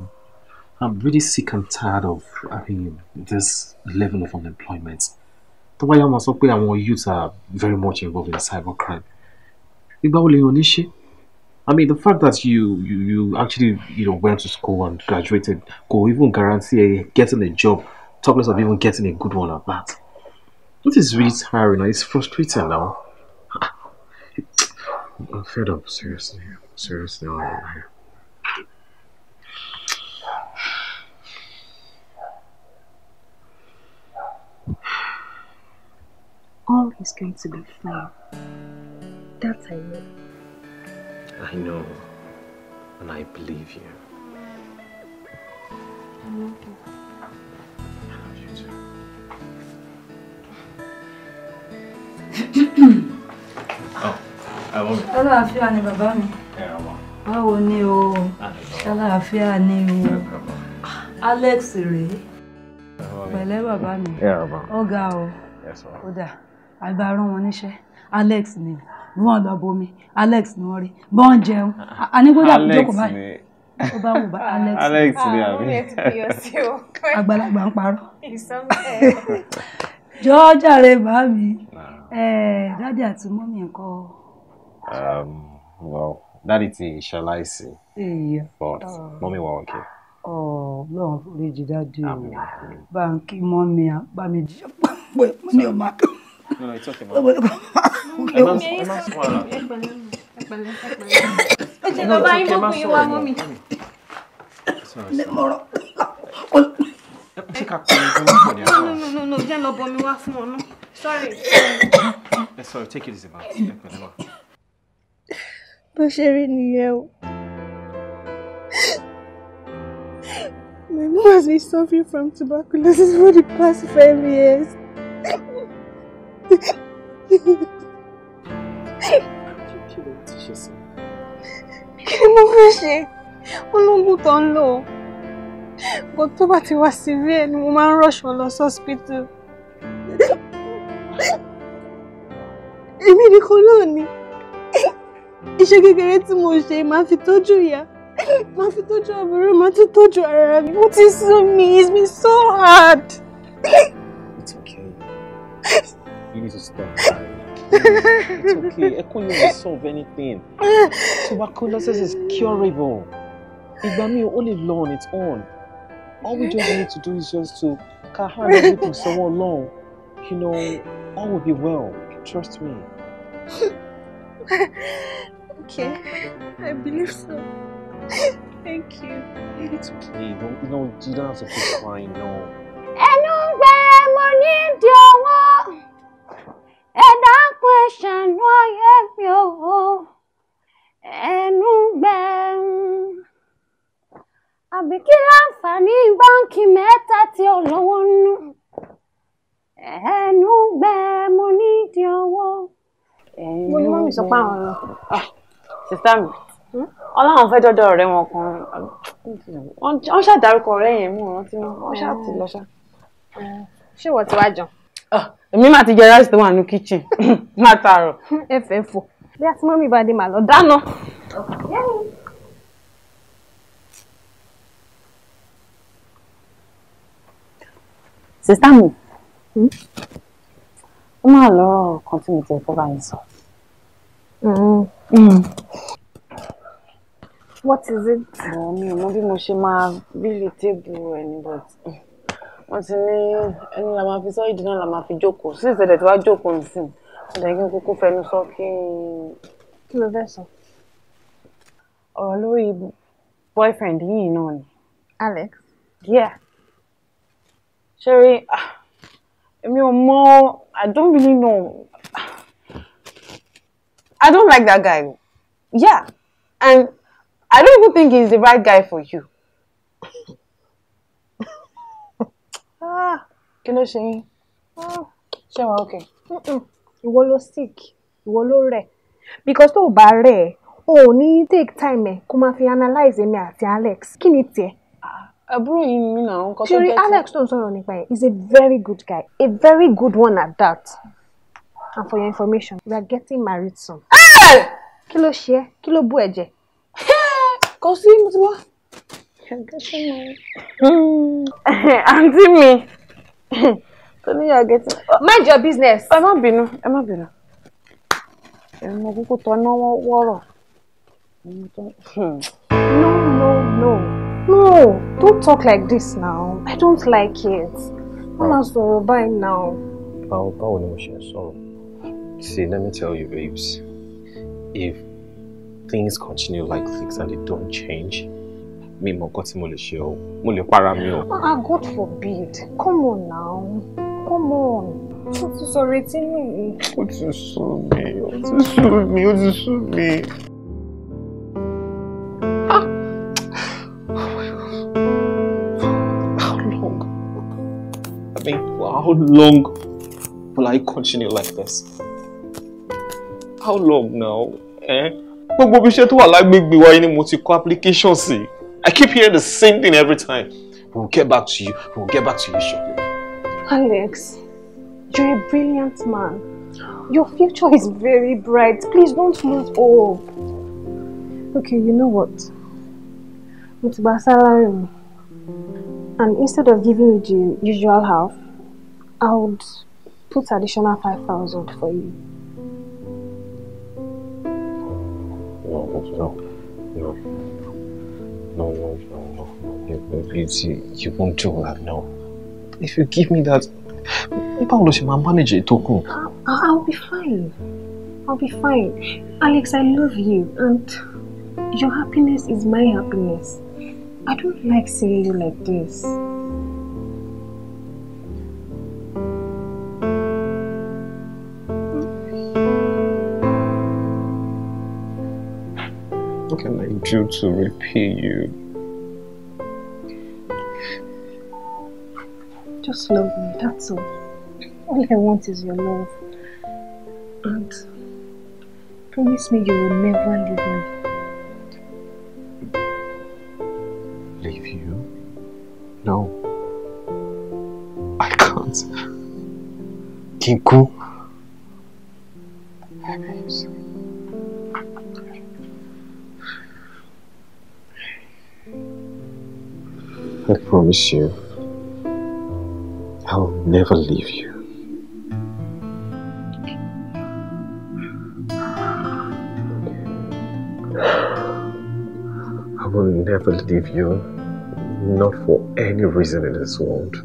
I'm really sick and tired of having this level of unemployment. Tó bá yá máa sọ pé àwọn youths are very much involved in cybercrime. Ìgbà wo lèèyàn ní ṣe? I mean, the fact that you, you you actually you know went to school and graduated could even guarantee getting a job, topless of even getting a good one at that. It is really tiring. It's frustrating now. (sighs) I'm fed up. Seriously, seriously, I All is going to be fine. That's I know. I know, and I believe you. I love you. I love you too. oh, I love you. Àlàáfíà ni bàbá mi. Yeah, I want. Báwo ni o? Àlàáfíà ni o. Alex rèé. Pẹ̀lẹ́ bàbá mi. Ọ̀gá o. Ó dà, àgbà rán wọn níṣẹ́. Alex ni bí wọ́n lọ bomi Alex ni wọ́n rí bọ́ ń jẹun anígbódà kò jókòó báyìí ó bá wù bá Alex Alex ni ah, àbí àgbàlagbà ń parọ́ eh. (laughs) jọ́ọ́jà rẹ̀ bá mi eh, dáàdì àti mọ́mì ńkọ́. Um, well dáàdì ti ṣaláìsí but oh. mọ́mì wà okay oh, ọlọ́run foríjì dájú o bá ń kí mọ́ mi bá mi jí pé (laughs) mo ní ọmọ akẹ́kọ̀ọ́. No, no, it's okay, ma'am. Ẹ má ẹ I'm sún I'm Ẹ jẹ́ lọ bá yín I'm mi wá mọ́ mi. Ṣé ká pọ̀ ní fún ìpàdé àná? No, no, no, no, jẹ́ lọ bọ mi wá fún ọ náà. Sorry. Ẹ sorry, take it easy, ma'am. Ẹ pẹ̀lẹ́ wa. Bó ṣe rí nìyẹn o. My mom has been suffering from tuberculosis for the past five years mo fẹ́ ṣe ológun tó ń lò ó tó bá ti wá sí rí ẹ mo máa ń rọṣọ lọ sọ́spítù èmi nìkan náà ni iṣẹ́ kékeré tí mo ṣe máa fi tọ́jú ìyá máa fi tọ́jú àbúrò máa tún tọ́jú ara mi ó ti sú mi it's been so hard. it's okay. You need to stop. it's okay. I can't solve anything. Tuberculosis is curable. it mi ò only on its own. All we just need to do is just to ká hand everything sọ́wọ́ Ọlọ́run. You know, all will be well. Trust me. okay, I believe so. Thank you. It's okay. Don't, you know, you don't have to keep crying, no. Ẹnu gbẹ mo ẹ dákun ẹ ṣàánú ayé mi ò ẹnu gbẹ̀rún àbí kí láǹfààní báǹkì mẹ́ta tí ò lówó nú ẹnu gbẹ mo nídìí owó. mo ní mọ́mí sọ pé àwọn ọ̀rọ̀. Ah, sista mi ọlọ́run fẹ́ dọ́dọ̀ ọ̀rẹ́ wọn kan wọ́n ṣàdárúkọ ọ̀rẹ́ yẹn mú un rántí wọn ṣáà ti lọ ṣá. ṣé ìwọ ti wá jẹun. Ah, èmi máa ti jẹ rice tó wà ní kitchen (laughs) máa tààrọ̀. ẹ fẹ́ fò bí a ti mọ́ mi bá dé màá lọ dáná. sista mi hmm? ó máa lọ́rọ̀ kan tí mo ti fẹ́ bá sọ. Hmm. Hmm. what is it? mi bí mo ṣe máa rí lè tébù ẹni but wọ́n ti ní ẹnu la máa fi sọ ìdí náà la máa fi jókòó sí ìṣẹ̀lẹ̀ tí wàá jókòó nsìn ọ̀dẹ̀ kí n kúkú fẹnu sọ kí n. kí ló fẹ́ sọ. ọ̀rọ̀ lórí boyfriend yìí náà ni. Alex. yeah. ṣé rí ah, èmi ò mọ I don't really know I don't like that guy yeah and I don't even think he's the right guy for you. Ah, kí ló ṣe yín ah, ṣé wọn ok. ìwọ ló sick ìwọ ló rẹ̀ because tó o bá rẹ̀ o ò ní take time ẹ kó máa fi analyze èmi àti Alex kí ni tiẹ̀ ah, àbúrò yìí mi náà nǹkan tó jẹ́ ti. alex tó ń sọ̀rọ̀ nípa ẹ̀ is a very good guy a very good one at that and for your information we are getting married soon. kí ló ṣe é kí ló bú ẹ jẹ. kò sí mo ti wá (laughs) Auntie àǹtí mi tóní yóò gẹ́tì. mind your business. ẹ má bínú ẹ má bínú ẹ̀mọ kúkú tọ́ná wọ́rọ̀ no no no no don't talk like this now I don't like it wọ́n máa sọ̀rọ̀ báyìí now. báwo báwo ni mo ṣe sọ̀rọ̀ see let me tell you babes if things continue like this and they don't change mi mọ nǹkan tí mo lè ṣe o mo lè para mi o. ah, ah God forbid come on now come on o ti sọ retí mi. o ti sú mi o ti sú mi o ti sú mi. Ah. Oh how long? I mean, how long will I continue like this? How long now? Eh? gbogbo iṣẹ́ tó wà lágbègbè wa yìí ni mo ti kọ application sí. Si. I keep hearing the same thing every time. We'll get back to you. We'll get back to you shortly. Alex, you're a brilliant man. Your future is very bright. Please don't lose hope. Okay, you know what? It's And instead of giving you the usual half, I would put additional 5,000 for you. No, no, no no, no, no, no. You, please, you, won't do that, no. If you give me that, Paolo, my manager, it I'll be fine. I'll be fine. Alex, I love you, and your happiness is my happiness. I don't like seeing you like this. can I do to repay you? Just love me, that's all. All I want is your love. And promise me you will never leave me. Leave you? No. I can't. Kinko. Happiness. I promise you, I'll never leave you. I will never leave you, not for any reason in this world.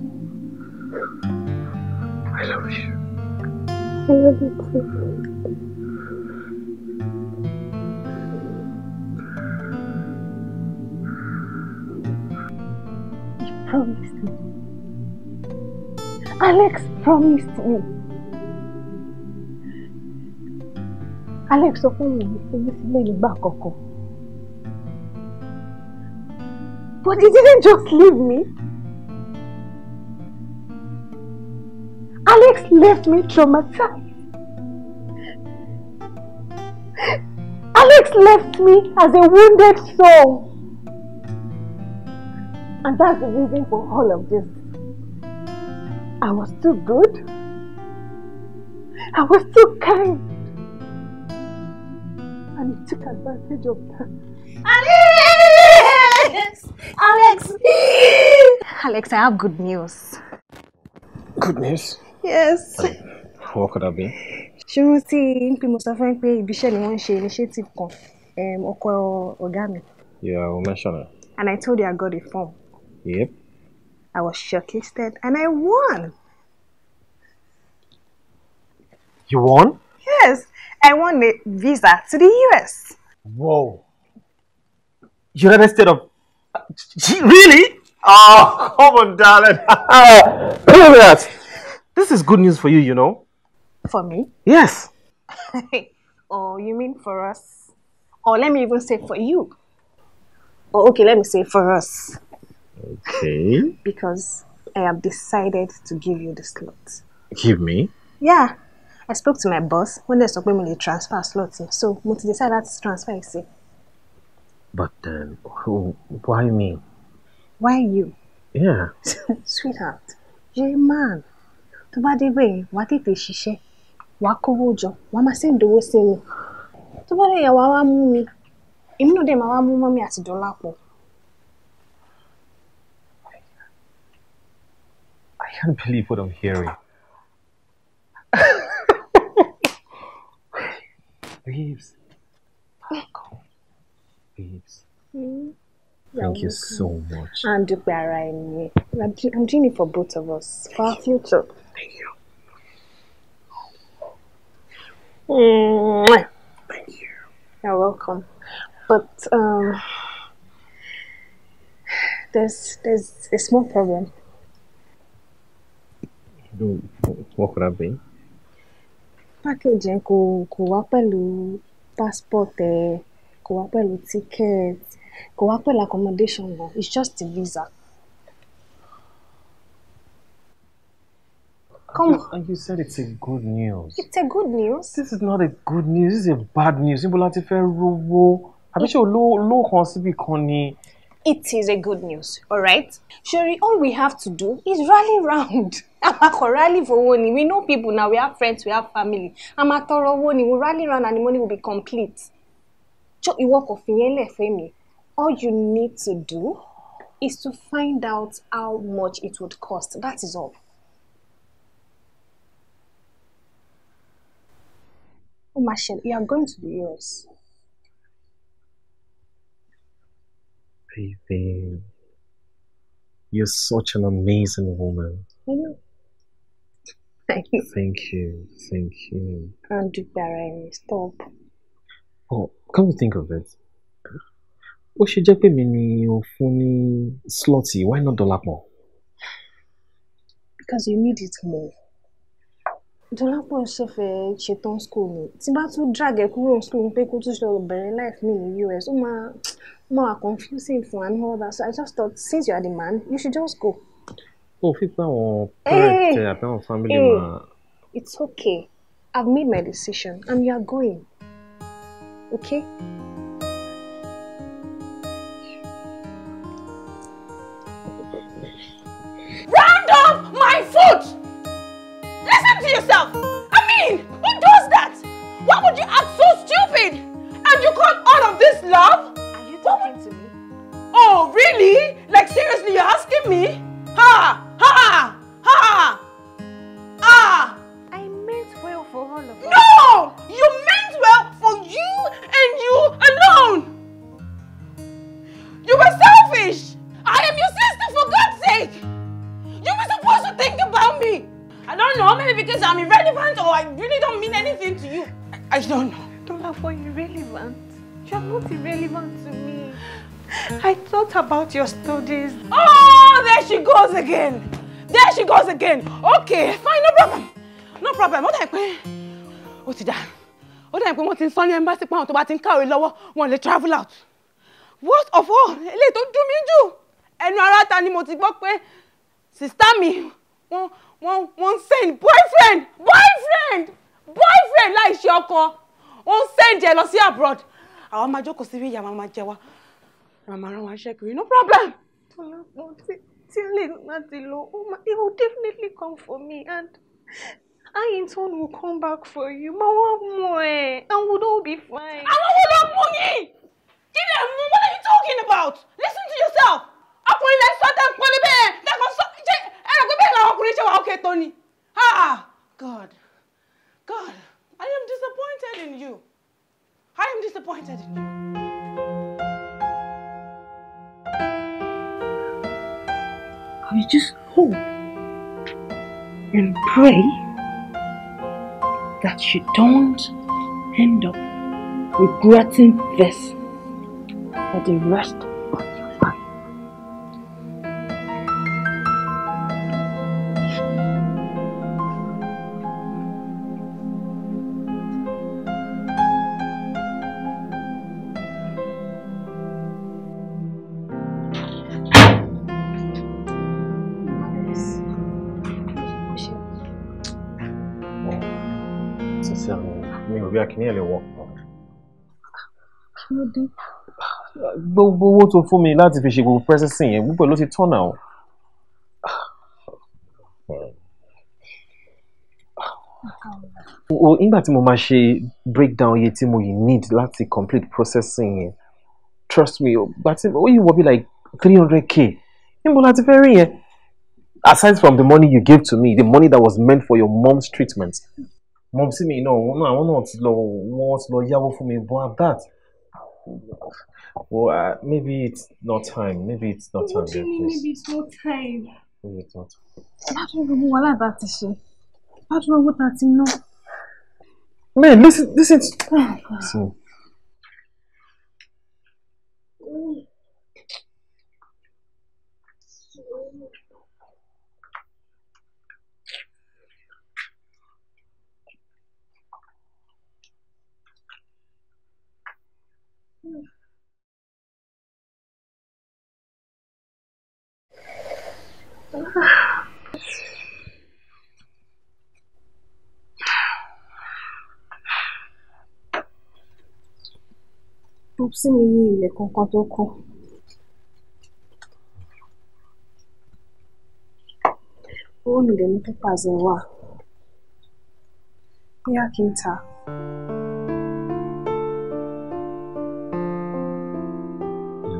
I love you. I love you too. promised me. Alex promised me. Alex sọ fún mi pé mi But he didn't just leave me. Alex left me traumatized. Alex left me as a wounded soul. And that's the reason for all of this. I was too good. I was too kind. And he took advantage of that. Alex! Alex! Alex, I have good news. Good news? Yes. Um, what could that be? ṣé wọ́n ti ń pè mo pay, fún pé ibiṣẹ́ ni wọ́n ń initiative kan um, ọkọ̀ ọ̀gá mi. Yeah, I will mention it. And I told you I got a form. Yep. I was shortlisted and I won. You won? Yes, I won a visa to the US. Whoa. United States of. (laughs) Really? Oh, come on, darling. (laughs) Look at that. This is good news for you, you know. For me? Yes. (laughs) oh, you mean for us? Or oh, let me even say for you. Oh, okay, let me say for us. Okay. because I have decided to give you the slot. Give me? Yeah. I spoke to my boss when they sọ pé mo transfer slot so mo decided to transfer you. sí. But then, who, why me? Why you? Yeah. (laughs) Sweetheart, you're a man. to bá dé bẹ́ẹ̀ wá tètè ṣiṣẹ́, wá kówó jọ, wá máa ṣe ìdówó sí mi. Tó bá dé yẹ wá wá mú mi, èmi náà dẹ̀ máa wá mú can't believe what I'm hearing. Babes. Marco. Mm. Thank you so much. I'm doing I'm doing it for both of us. For our future. Thank you. Mm. Thank you. You're welcome. But um, there's there's a small problem. do wọ́kùnrin bẹ́ẹ̀. pákéjì yẹn kò kò wá pẹ̀lú passport ẹ kò wá pẹ̀lú ticket kò wá pẹ̀lú accommodation gan it's just the visa. Come on. And you said it's a good news. It's a good news. This is not a good news. This is a bad news. Níbo la ti fẹ́ rówó? Àbí ṣé olówó kan síbi kan ni? It is a good news, all right? Sherry, all we have to do is rally (laughs) round. rally for owó We know people now, we have friends, we have family. Amatọrọ owó ni, we rally round and the money will be complete. You work off fi yẹn All you need to do is to find out how much it would cost. That is all. Oh, Marshall, you are going to the US. everything. You're such an amazing woman. I know. Thank you. Thank you. Thank you. And do stop. Oh, come to think of it. Ó ṣe jẹ́ pé mi ni o fún ní why not more? Because you need it more. Dọlápọ̀ ṣe fẹ́ ṣetán school ni tí bá tún drag ẹ kúrò school pé kó tún ṣe lọ bẹ̀rẹ̀ life mi ní US ó máa máa confusing fún and all that so I just thought since you are the man you should just go. o fi pa àwọn eh! parents àti àwọn family eh! ma. It's okay I've made my decision and you are going okay. Round up my foot. ti ń sọ ní ẹmbásí pé àwọn tó bá ti ń kàwé lọ́wọ́ wọn lè travel out worst of all eléyìí tó dùn mí jù ẹnu ara ta ni mo ti gbọ́ pé sista mi wọ́n wọ́n wọ́n ń send boyfriend boyfriend boyfriend láì ṣe ọkọ wọ́n ń send ẹ lọ sí abroad àwọn máa jókòó sí ìyá máa jẹ wa màmá ara wa ṣe kiri no problem. tí tí lè má ti lọ ó máa he will definitely come for me and. I in turn will come back for you. But what more? And we'll all be fine. I don't want that money! Gillian, what are you talking about? Listen to yourself! Ọkùnrin lẹ sọ tẹ́ ń pọ́n níbẹ̀ lẹ́kọ̀ọ́ sọ ṣé ẹ̀rọ pé bẹ́ẹ̀ náà ọkùnrin ṣe wà ókè tó ni. God, God, I am disappointed in you. I am disappointed in you. I just hope and pray. that you don't end up regretting this for the rest bí akíní ẹ̀ lè wọ̀. kí ló dé. gbogbo owó tó fún mi láti fi ṣe gbogbo processing yẹn gbogbo ló ti tán náà. o nígbà tí mo máa ṣe breakdown iye tí mo yìí need láti complete processing yẹn trust me gba tí ó yìí wọ bí like three hundred k níbo la ti fẹ́ rí yẹn aside from the money you gave to me the money that was meant for your mom's treatment Mom see me náà wọn náà àwọn náà ti lọ wọn ti lọ yáwó fún mi but at that well uh, maybe it's not time maybe it's not time yet please. maybe it's not time. maybe it's not time. ládùn gbogbo wàhálà bá ti ṣe ládùn owó tá a ti ná. man listen listen. Oh, Popsi mi ní ilẹ̀ kankan tó kọ́. Owó mi lè ní pépàs ẹ̀ wà. Bóyá kí n ta.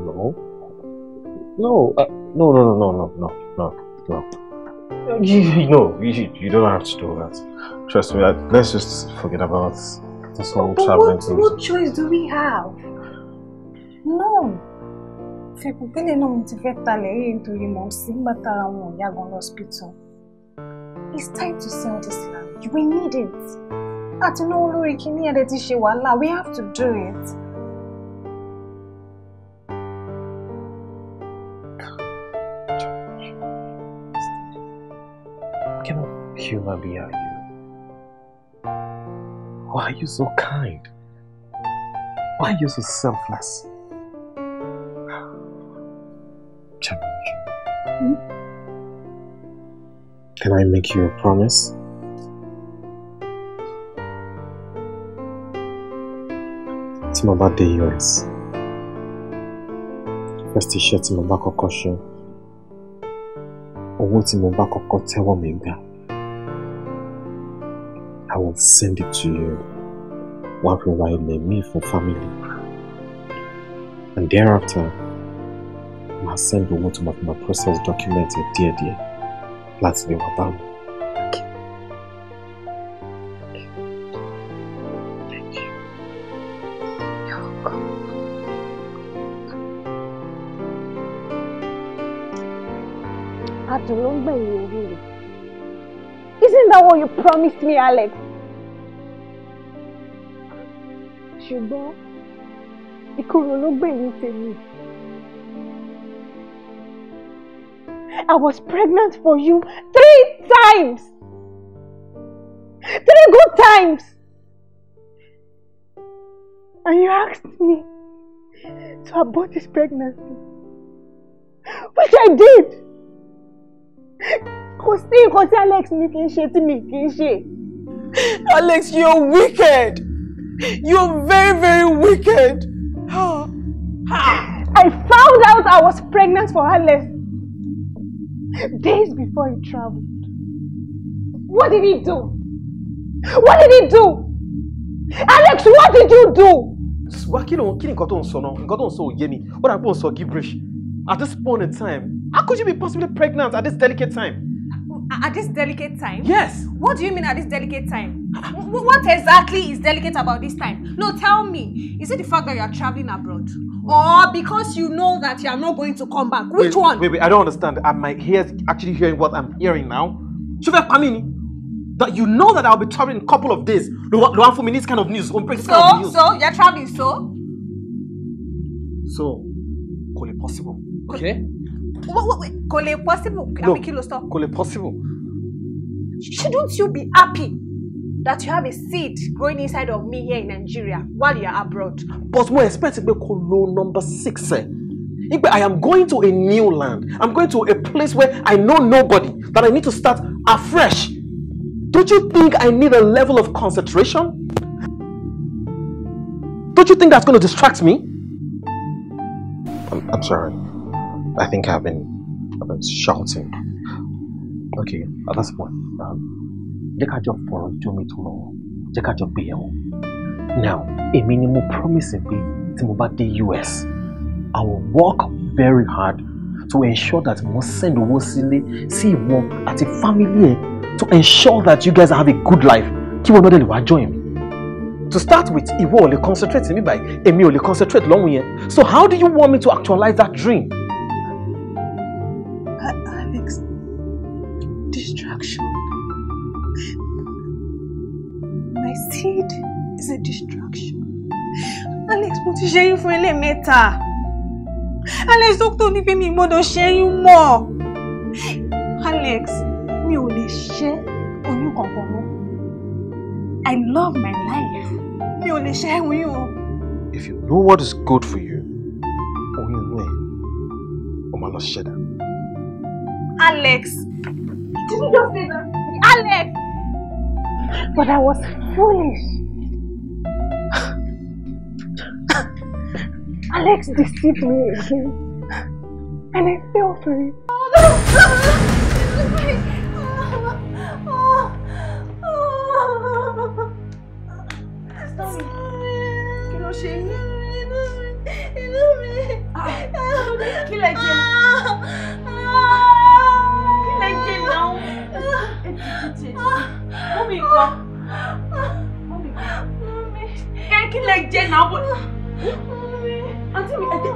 No. No, uh, no, no, no, no, no, no. No. You, you know, you, you don't have to do that. Trust me, let's just forget about this whole but traveling thing. What choice do we have? No. Fẹ̀kùn tẹ́lẹ̀ náà mo ti fẹ́ talẹ̀ yìí nítorí mo sì ń bàtà ara wọn ìyá gan lọ́sípítọ̀. It's time to sell this land. We need it. Àti náwó lórí kíní ẹ̀dẹ̀ ti ṣe wàhálà. We have to do it. human being are you? Why are you so kind? Why are you so selfless? Hmm? Can I make you a promise? It's my bá dé US, first iṣẹ́ tí back of kọ́kọ́ ṣe, owó tí back of caution. tẹ́wọ́ mi that? I will send it to you. What Waprirai me for family. And thereafter, I send the water of my process documented, a dear dear. That's the you. Isn't that what you promised me, Alex? ṣùgbọ́n ìkorò ló gbẹ̀yìn tèmi. I was pregnant for you three times. Three good times. And you asked me to abort this pregnancy. Which I did. Kò sí nǹkan tí Alex ní kì í ṣe tí mi kì í ṣe. Alex, you're wicked. You are very, very wicked. How? I found out I was pregnant for Alice days before he traveled. What did he do? What did he do? Alex, what did you do? What kí sọ náà? sọ ó ń sọ gibberish. At this point in time, how could you be possibly pregnant at this delicate time? At this delicate time? Yes. What do you mean at this delicate time? what exactly is delicate about this time? No, tell me. Is it the fact that you are traveling abroad? Or because you know that you are not going to come back? Which wait, one? Wait, wait, I don't understand. Am I here? actually hearing what I'm hearing now? Chuve Pamini, that you know that I'll be traveling in a couple of days. Luan for me needs kind of news. So, kind of news. so, you're traveling, so? So, call it possible, okay? What, what, wait, possible? No, Amikilo, stop. Kole, possible. Shouldn't you be happy that you have a seed growing inside of me here in Nigeria while you're abroad? But more especially Kolo number six, eh? I am going to a new land. I'm going to a place where I know nobody, that I need to start afresh. Don't you think I need a level of concentration? Don't you think that's going to distract me? I'm, I'm sorry. I think I've been, I've been shouting. Okay, at this point, um, jẹ́ ká jọ me tomorrow. Take tó lọ́wọ́ jẹ́ ká jọ Now, a minimum, mo promise pé tí mo bá the US, I will work very hard to ensure that mo send see sílé sí ìwọ family to ensure that you guys have a good life Keep on náà dẹ̀ lè join me. to start with ìwọ ò lè concentrate me by èmi ò concentrate long way. so how do you want me to actualize that dream? distraction. My seed is a distraction. Alex, mo ti ṣẹ́yún fún ẹlẹ́mẹ́ta. Alex, dókítà ní pé mi gbọ́dọ̀ ṣẹ́yún mọ́. Alex, mi ò lè ṣẹ́ oyún kankan mọ́. I love my life. Mi ò lè ṣẹ́ oyún o. If you know what is good for you, oyún inú ẹ̀, o máa lọ ṣẹ́dá. Alex. Did you just say that Alex? But I was foolish. Alex deceived me again. And I fell for it. Oh, no. ṣe yín. inú mi inú mi. kí lẹ jẹ. like jẹ náà bó. àǹtí mi ẹ̀jẹ̀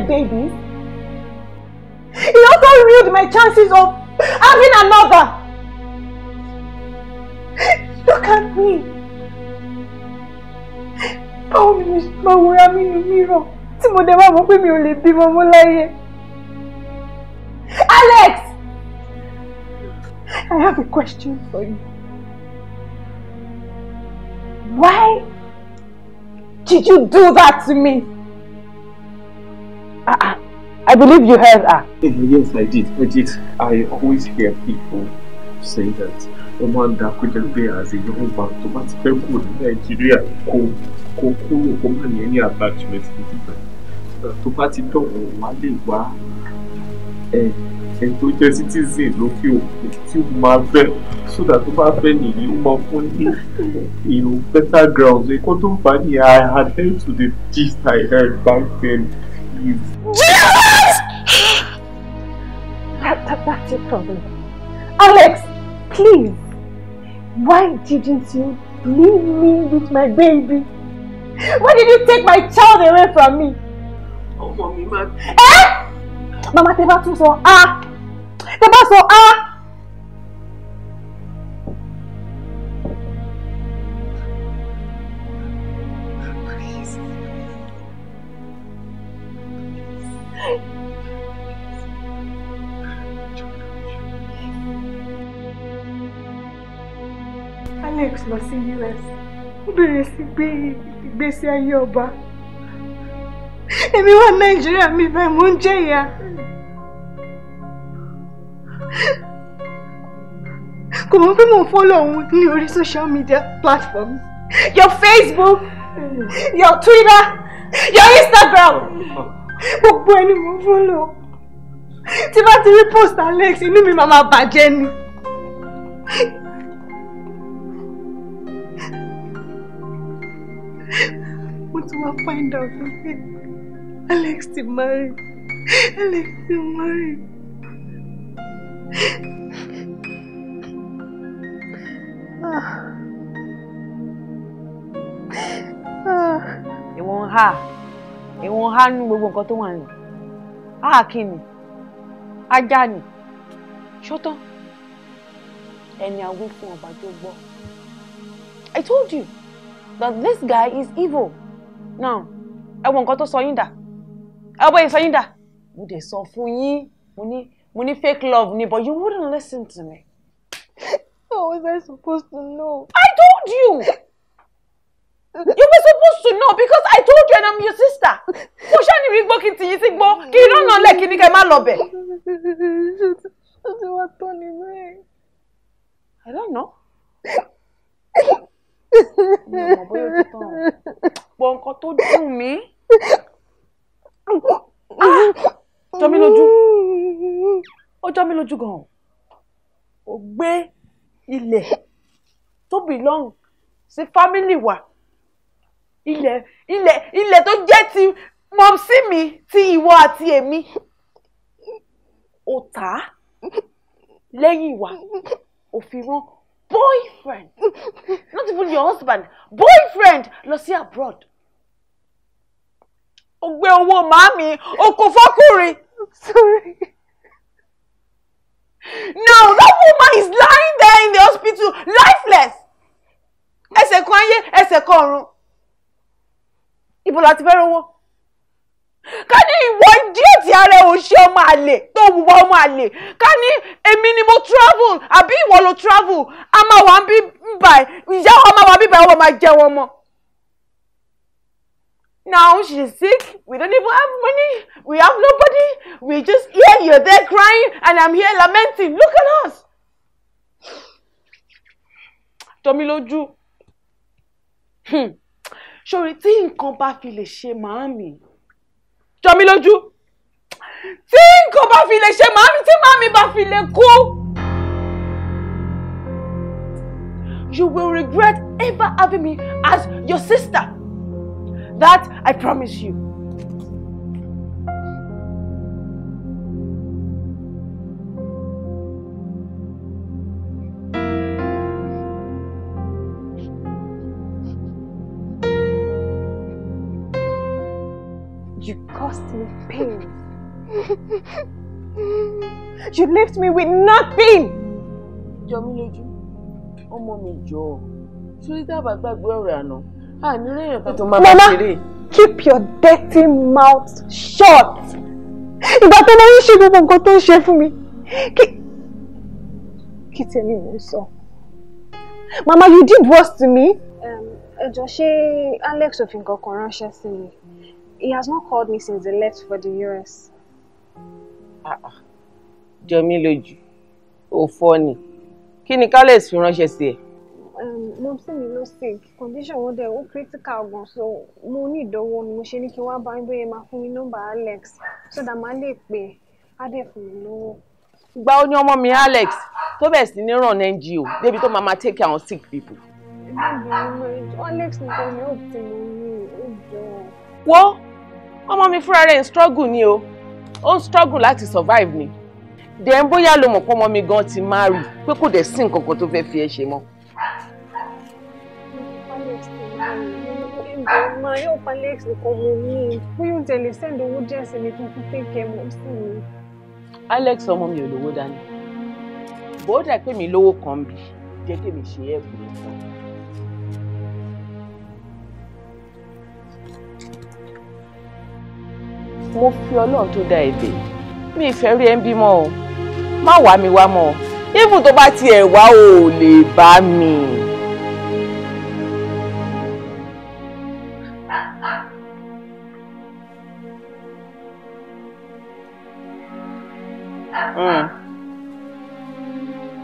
my babies. He also ruined my chances of having another. Look at me. Báwo ni mo ṣe máa wúra mi nínú mìíràn tí mo dẹ̀ máa mọ̀ pé Alex! I have a question for you. Why did you do that to me? I believe you heard her. Yes, I did. I did. I always hear people say that a man that àdàkùnjẹ be as a young man to bá ti fẹ́ kúrò ní Nàìjíríà kó kó kúrò kó má yẹn ní attachment nígbà tó bá ti dọ̀wọ́ wá lè wá ẹ̀ ẹ̀ tó jẹ́ citizen lókè òkun tí ó máa fẹ́ sódà tó bá fẹ́ nìyí ó máa fún ní better grounds, ẹ̀kọ́ tó ń bá ní I attend to the gist I heard back then is. that, that's your problem. Alex, please, why didn't you leave me with my baby? Why did you take my child away from me? Oh, mommy, man. Eh? Mama, tẹ́ bá tún sọ, ah! Tẹ́ bá sọ, ah! sí US ó bẹ̀rẹ̀ sí gbé ìgbésí ayé ọba èmi wà Nàìjíríà mi báyìí mò ń jẹ ìyà kò mọ̀ pé mò ń fọ́lọ̀ òun ní orí social media platforms your Facebook your Twitter your Instagram gbogbo ẹni mò ń fọ́lọ̀ tí bá ti rí post Alex inú mi máa ma bàjẹ́ ni. tí wọ́n find out pé Alex ti marry Alex ti marry. ìwọ̀n ha ìwọ̀n ha nínú gbogbo nǹkan tó wà ní áàkì ni ajá Shut up! And you're waiting ọba tó gbọ́. I told you that this guy is evil náà ẹ wo nǹkan tó sọ yín dà ẹ wo ìsọ yín dà mo dẹ̀ sọ fún yín mo ní mo ní fake love ni but you wouldn't listen to me. How was (laughs) oh, I supposed to know? I told you. You were supposed to know because I told you and I'm your sister. Mo ṣá ní rí gbọ́ kí n ti yín sí gbọ́ kí iná náà lẹ́ẹ̀kì ní kẹ́ má lọ bẹ̀. (laughs) Ṣé o ti wá tán nínú I don't know. (laughs) mi ò mọ̀ bóyá ó ti tán o pọ̀ nǹkan tó dùn mí ah! jọ mí lójú ó jọ mí lójú gan-an ó gbé ilẹ̀ tó belong sí fámìlì wa ilẹ̀ ilẹ̀ ilẹ̀ tó jẹ́ ti mọ̀mísí mi ti ìwọ àti èmi ó tà á lẹ́yìn wa òfin rán boyfriend (laughs) not even your husband boyfriend lọ sí abroad ó gbé owó màámi ó kó fọkùnrin. sorry. Now that woman is lying there in the hospital lifeless ẹsẹ̀ kan ayé ẹsẹ̀ kan ọ̀run ibo la ti fẹ́ rówó ká ní ìwọ díẹ̀ tí ara ò ṣe ọmọ àlè tó wùwọ ọmọ àlè ká ní èmi ni mo travel àbí ìwọ ló travel a máa wà bí báyìí ìyá wa máa wà bí báyìí wọ́n máa jẹ́ wọn mọ́. Now she's sick. We don't even have money. We have nobody. We just here, you're there crying, and I'm here lamenting. Look at us. Tommy lójú. Hmm. tí nǹkan bá fi lè ṣe màámi jọ mí lójú tí nǹkan bá fi lè ṣe màámi tí màámi bá fi lè kú. You will regret ever having me as your sister. That I promise you. You caused me pain. you left me with nothing. Jọ mí lójú, ọmọ mi jọ ọ́. Sórí dábàá gbàgbé ọ̀rọ̀ àná. A ní lẹ́yìn kan to máa bá ṣeré. Keep your dirty mouth shut. Ìgbà tó máa ń ṣe gbogbo nǹkan tó ń ṣe fún mi. Kí kí tèmi mò sọ. Mama, you did worse to me. Ẹ̀jọ̀ ṣé Alex ò fi nǹkan kan ránṣẹ́ sí mi? He has not called me since he left for the US. Ah, ah. Jọ mí lójú. Ó fọ́ ni. Kí ni Kálẹ̀sì fi ránṣẹ́ sí ẹ? Um, mo sì mi ló sick. Condition wọn dẹ̀ ó critical gan so mo ní ìdánwò ni mo ṣe ní kí wọ́n bá ń bóyá máa fún mi nọ́mbà Alex so that màá lè pè á dẹ̀ fún mi lówó. Gba ó ní ọmọ mi Alex tó bẹ̀ sí ní ràn NGO débi tó máa máa take care of sick people. Alex nìkan ni ó ti mú mi ó jọ. Wọ́n ọmọ mi fúnra rẹ̀ ń struggle ni o ó ń struggle láti survive ni dẹ̀ ń bóyá lo mọ̀ pé ọmọ mi gan ti máa rù pé kò dẹ̀ sí nǹkan kan tó fẹ́ fi ẹ́ ṣe mọ́. Ma yóò pa Alex nìkan mo ní fún yóò jẹ lè send owó díẹ̀ sí mi kí n mọ̀ sí mi. Alex ọmọ mi ò lówó dání. Bó dà pé mi lówó kan bì, jẹ́ kí mi ṣe ẹ̀bùn nìkan. mo fi ọlọ́run tó dá ẹ̀bẹ̀ mi ìfẹ́ rí ẹ ń bímọ o má wá mi wá mọ́ even tó bá tiẹ̀ wá ò lè bá mi. Mm.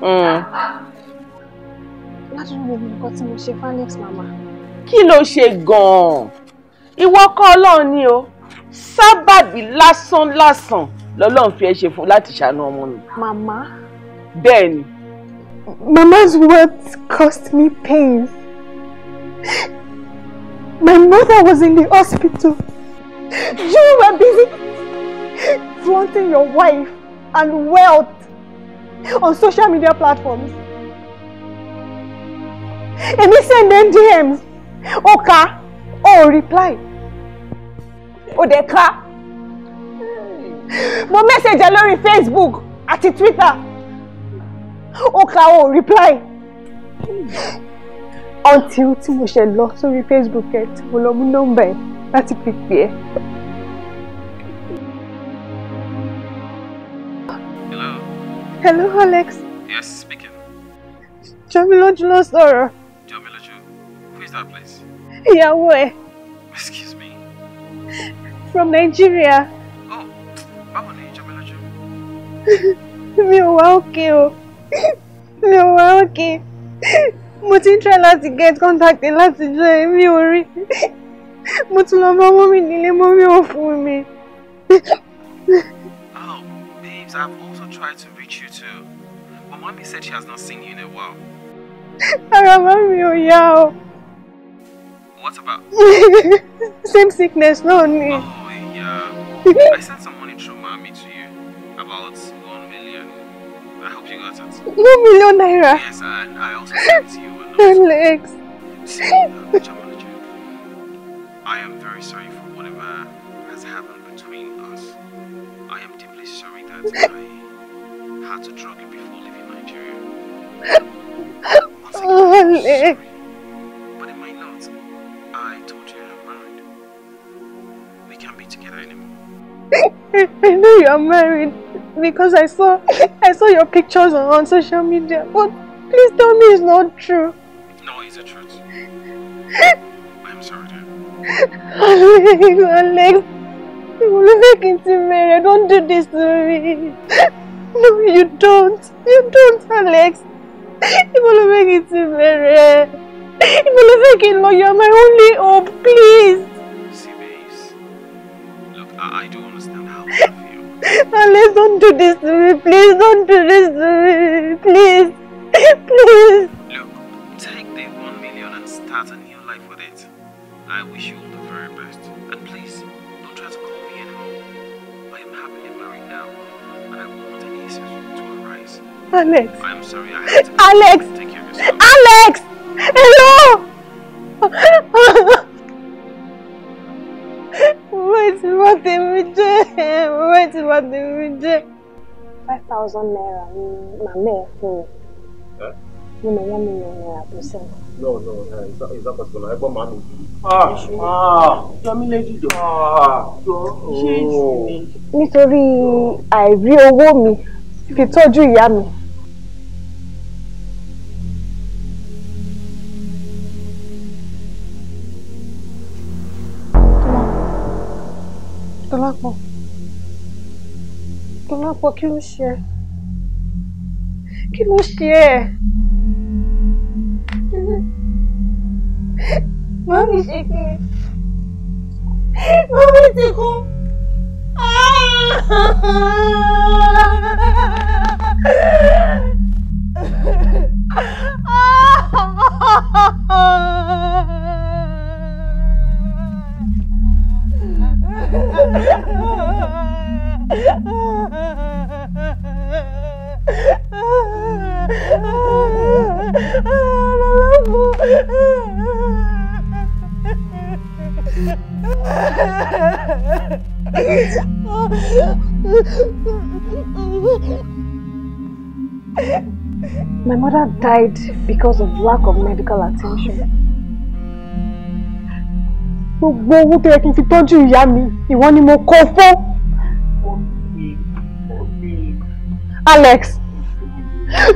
Mm. Láti mú mi Kí ló ṣe gan-an? Ìwọ Ọlọ́run ni o sábàbí lásán lásán lọ́lọ́run fi ẹ ṣe fún láti ṣàánú ọmọ mi. màmá. bẹ́ẹ̀ ni. mama's words cost me pain. My mother was in the hospital. You were busy flaunting your wife and wealth on social media platforms. Emi send them DMs. Oka, oh reply. Odeka, dẹ̀ mo message ẹ lórí Facebook àti Twitter ó ka ó reply until tí mo ṣe lọ sórí Facebook ẹ tí mo lọ mú nọ́mbà ẹ láti fi Hello, Alex. Yes, speaking. Jamiloju ló sọ̀rọ̀. Jamiloju, who is that place? Ìyàwó ẹ̀ from Nigeria. Ah, báwo ni ìjọba lójú. (laughs) mi ò wá òkè o mi ò wá òkè mo ti ń try láti get contact láti jọ èmi ò rí mo tún lọ bá mọ́mí nílé mọ́mí ò fún mi. Oh, babes, I've also tried to reach you too. But mommy said she has not seen you in a while. Ara mọ́mí ò yá o. What about? (laughs) Same sickness náà ni. Oh. (laughs) I sent some money through mommy to you. About one million. I hope you got it. One million naira. Yes, and I also sent you a note. Alex. (laughs) Uh, I am very sorry for whatever has happened between us. I am deeply sorry that I had to drug you before leaving Nigeria. Once again, Alex. (laughs) Sorry. I know you are married because I saw I saw your pictures on social media, but please tell me it's not true. No, it's the truth. I'm sorry, dear. Alex, Alex, don't do this to me. No, you don't. You don't, Alex. You're will will make make it, it. You You my only hope, please. See, babes. Look, I, I do (laughs) Alice, don't do this to me. Please don't do this to me. Please. Please. Look, take the one million and start a new life with it. I wish you all the very best. And please, don't try to call me anymore. I am happily married now, and I want any issues to arise. Alex. I'm sorry, I to... Alex! Take care of yourself. Alex! Hello! (laughs) Wait, what did tèmi jẹ́ Wait, what did tèmi jẹ́. Five thousand naira my màmá ẹ̀ you mi. Mo mọ one million naira tó sẹ́yìn. No, no, is that possible. I bought Ah, ah, Ẹ̀gbọ́n ah. màá mi. Jọmí lójú jọ. Ṣé I ni? owe me. If mi told you, ìyá me. Dọlápọ̀ Dọlápọ̀ kí ló ṣe ẹ́ kí ló ṣe ẹ́ mọ́mí ṣe kí mọ́mí ti kú. Ah! (laughs) ah! (laughs) My mother died because of lack of medical attention gbogbo owó tó yẹ kí n fi tọ́jú ìyá mi ìwọ ni mo kó fún. Alex,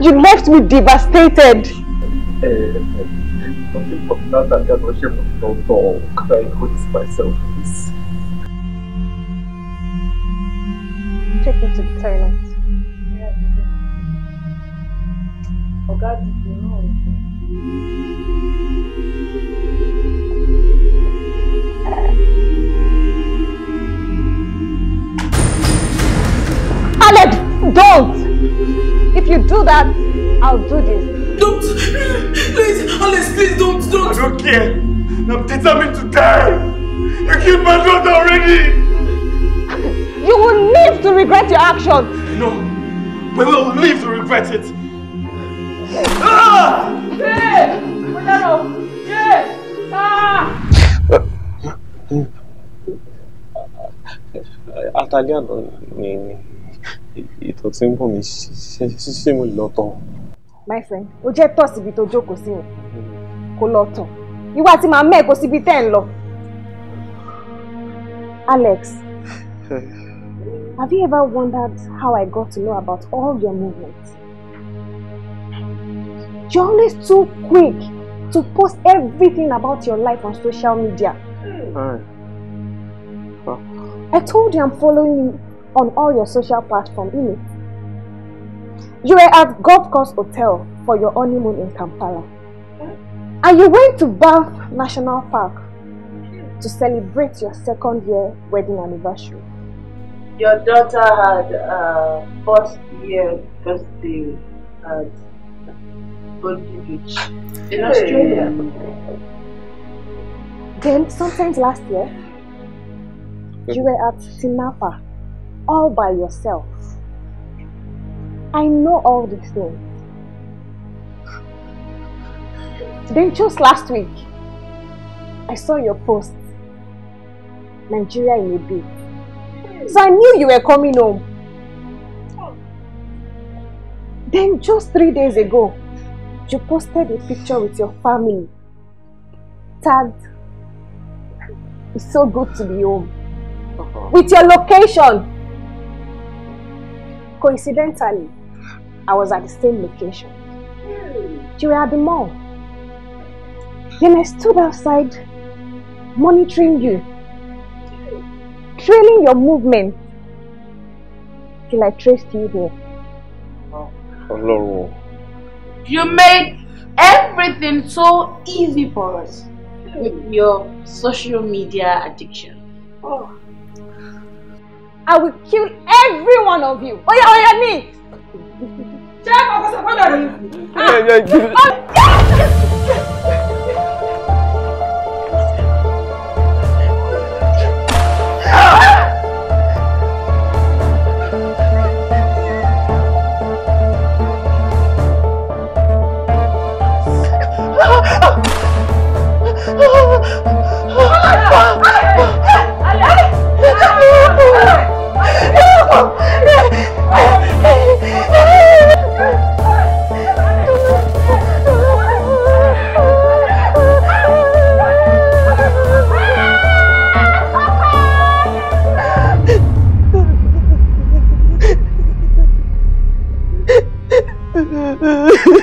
you left me devastated. Nothing now that not I myself Take me to the toilet. Oh, God. don't. If you do that, I'll do this. Don't. Please, Alice, please don't, don't. I don't care. I'm determined to die. You killed my daughter already. You will live to regret your action. No, we will live to regret it. Ah! Hey! Yeah! Ah! Ataliano ni ni ìtọ̀ tí ń bọ̀ mí ṣé mo lè lọ tọ̀. my friend o jẹ́ tọ̀ síbi tó jókòó sí yẹn hmm. kó lọ tọ̀ ìwà tí màá mẹ́ẹ̀kọ́ síbi tẹ́ ń lọ. Alex, have you ever wondered how I got to know about all your movements? You're always too quick to post everything about your life on social media. Hi. Hmm. Huh. I told you I'm following you on all your social platforms, You were at Golf Course Hotel for your honeymoon in Kampala. And you went to Banff National Park to celebrate your second year wedding anniversary. Your daughter had a uh, first year birthday at Bondi Beach in Australia. Then, sometimes last year, you were at Sinapa all by yourself. I know all these things. Then just last week, I saw your post, Nigeria in a bit. So I knew you were coming home. Then just three days ago, you posted a picture with your family, tagged, it's so good to be home, with your location. Coincidentally, I was at the same location. You were at the mall. Then I stood outside monitoring you, trailing your movement till I traced you here. Oh, You made everything so easy for us with your social media addiction. Oh. I will kill every one of you. Oya oya ni. Ṣé kọ́kọ́ sọ fọ́dọ̀ rẹ̀? Ah! Oh, yes!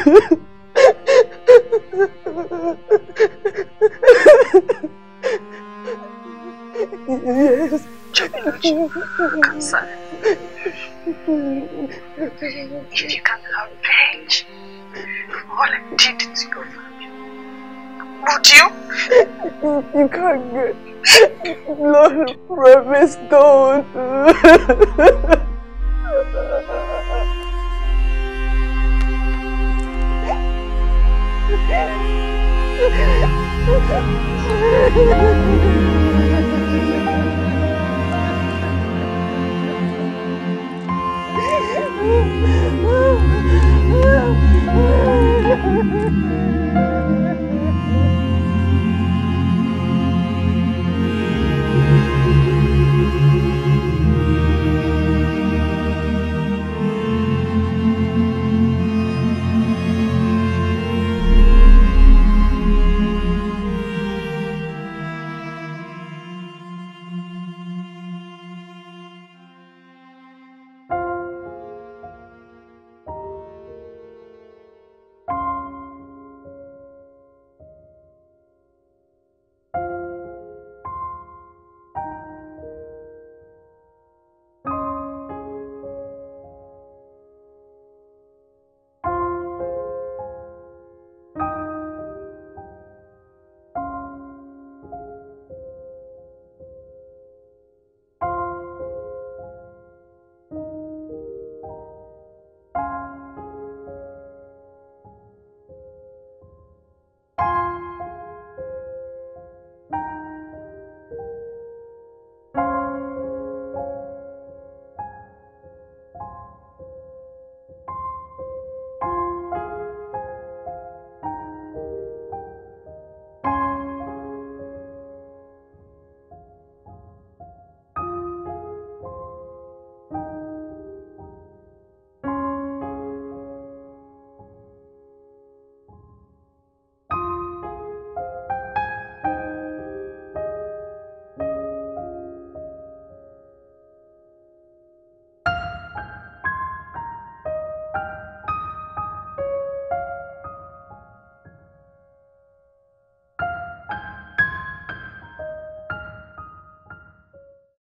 yes. Cancer. If you can love arrange all I did to your family, would you? You can't get. Lord, promise don't. (laughs) Oh,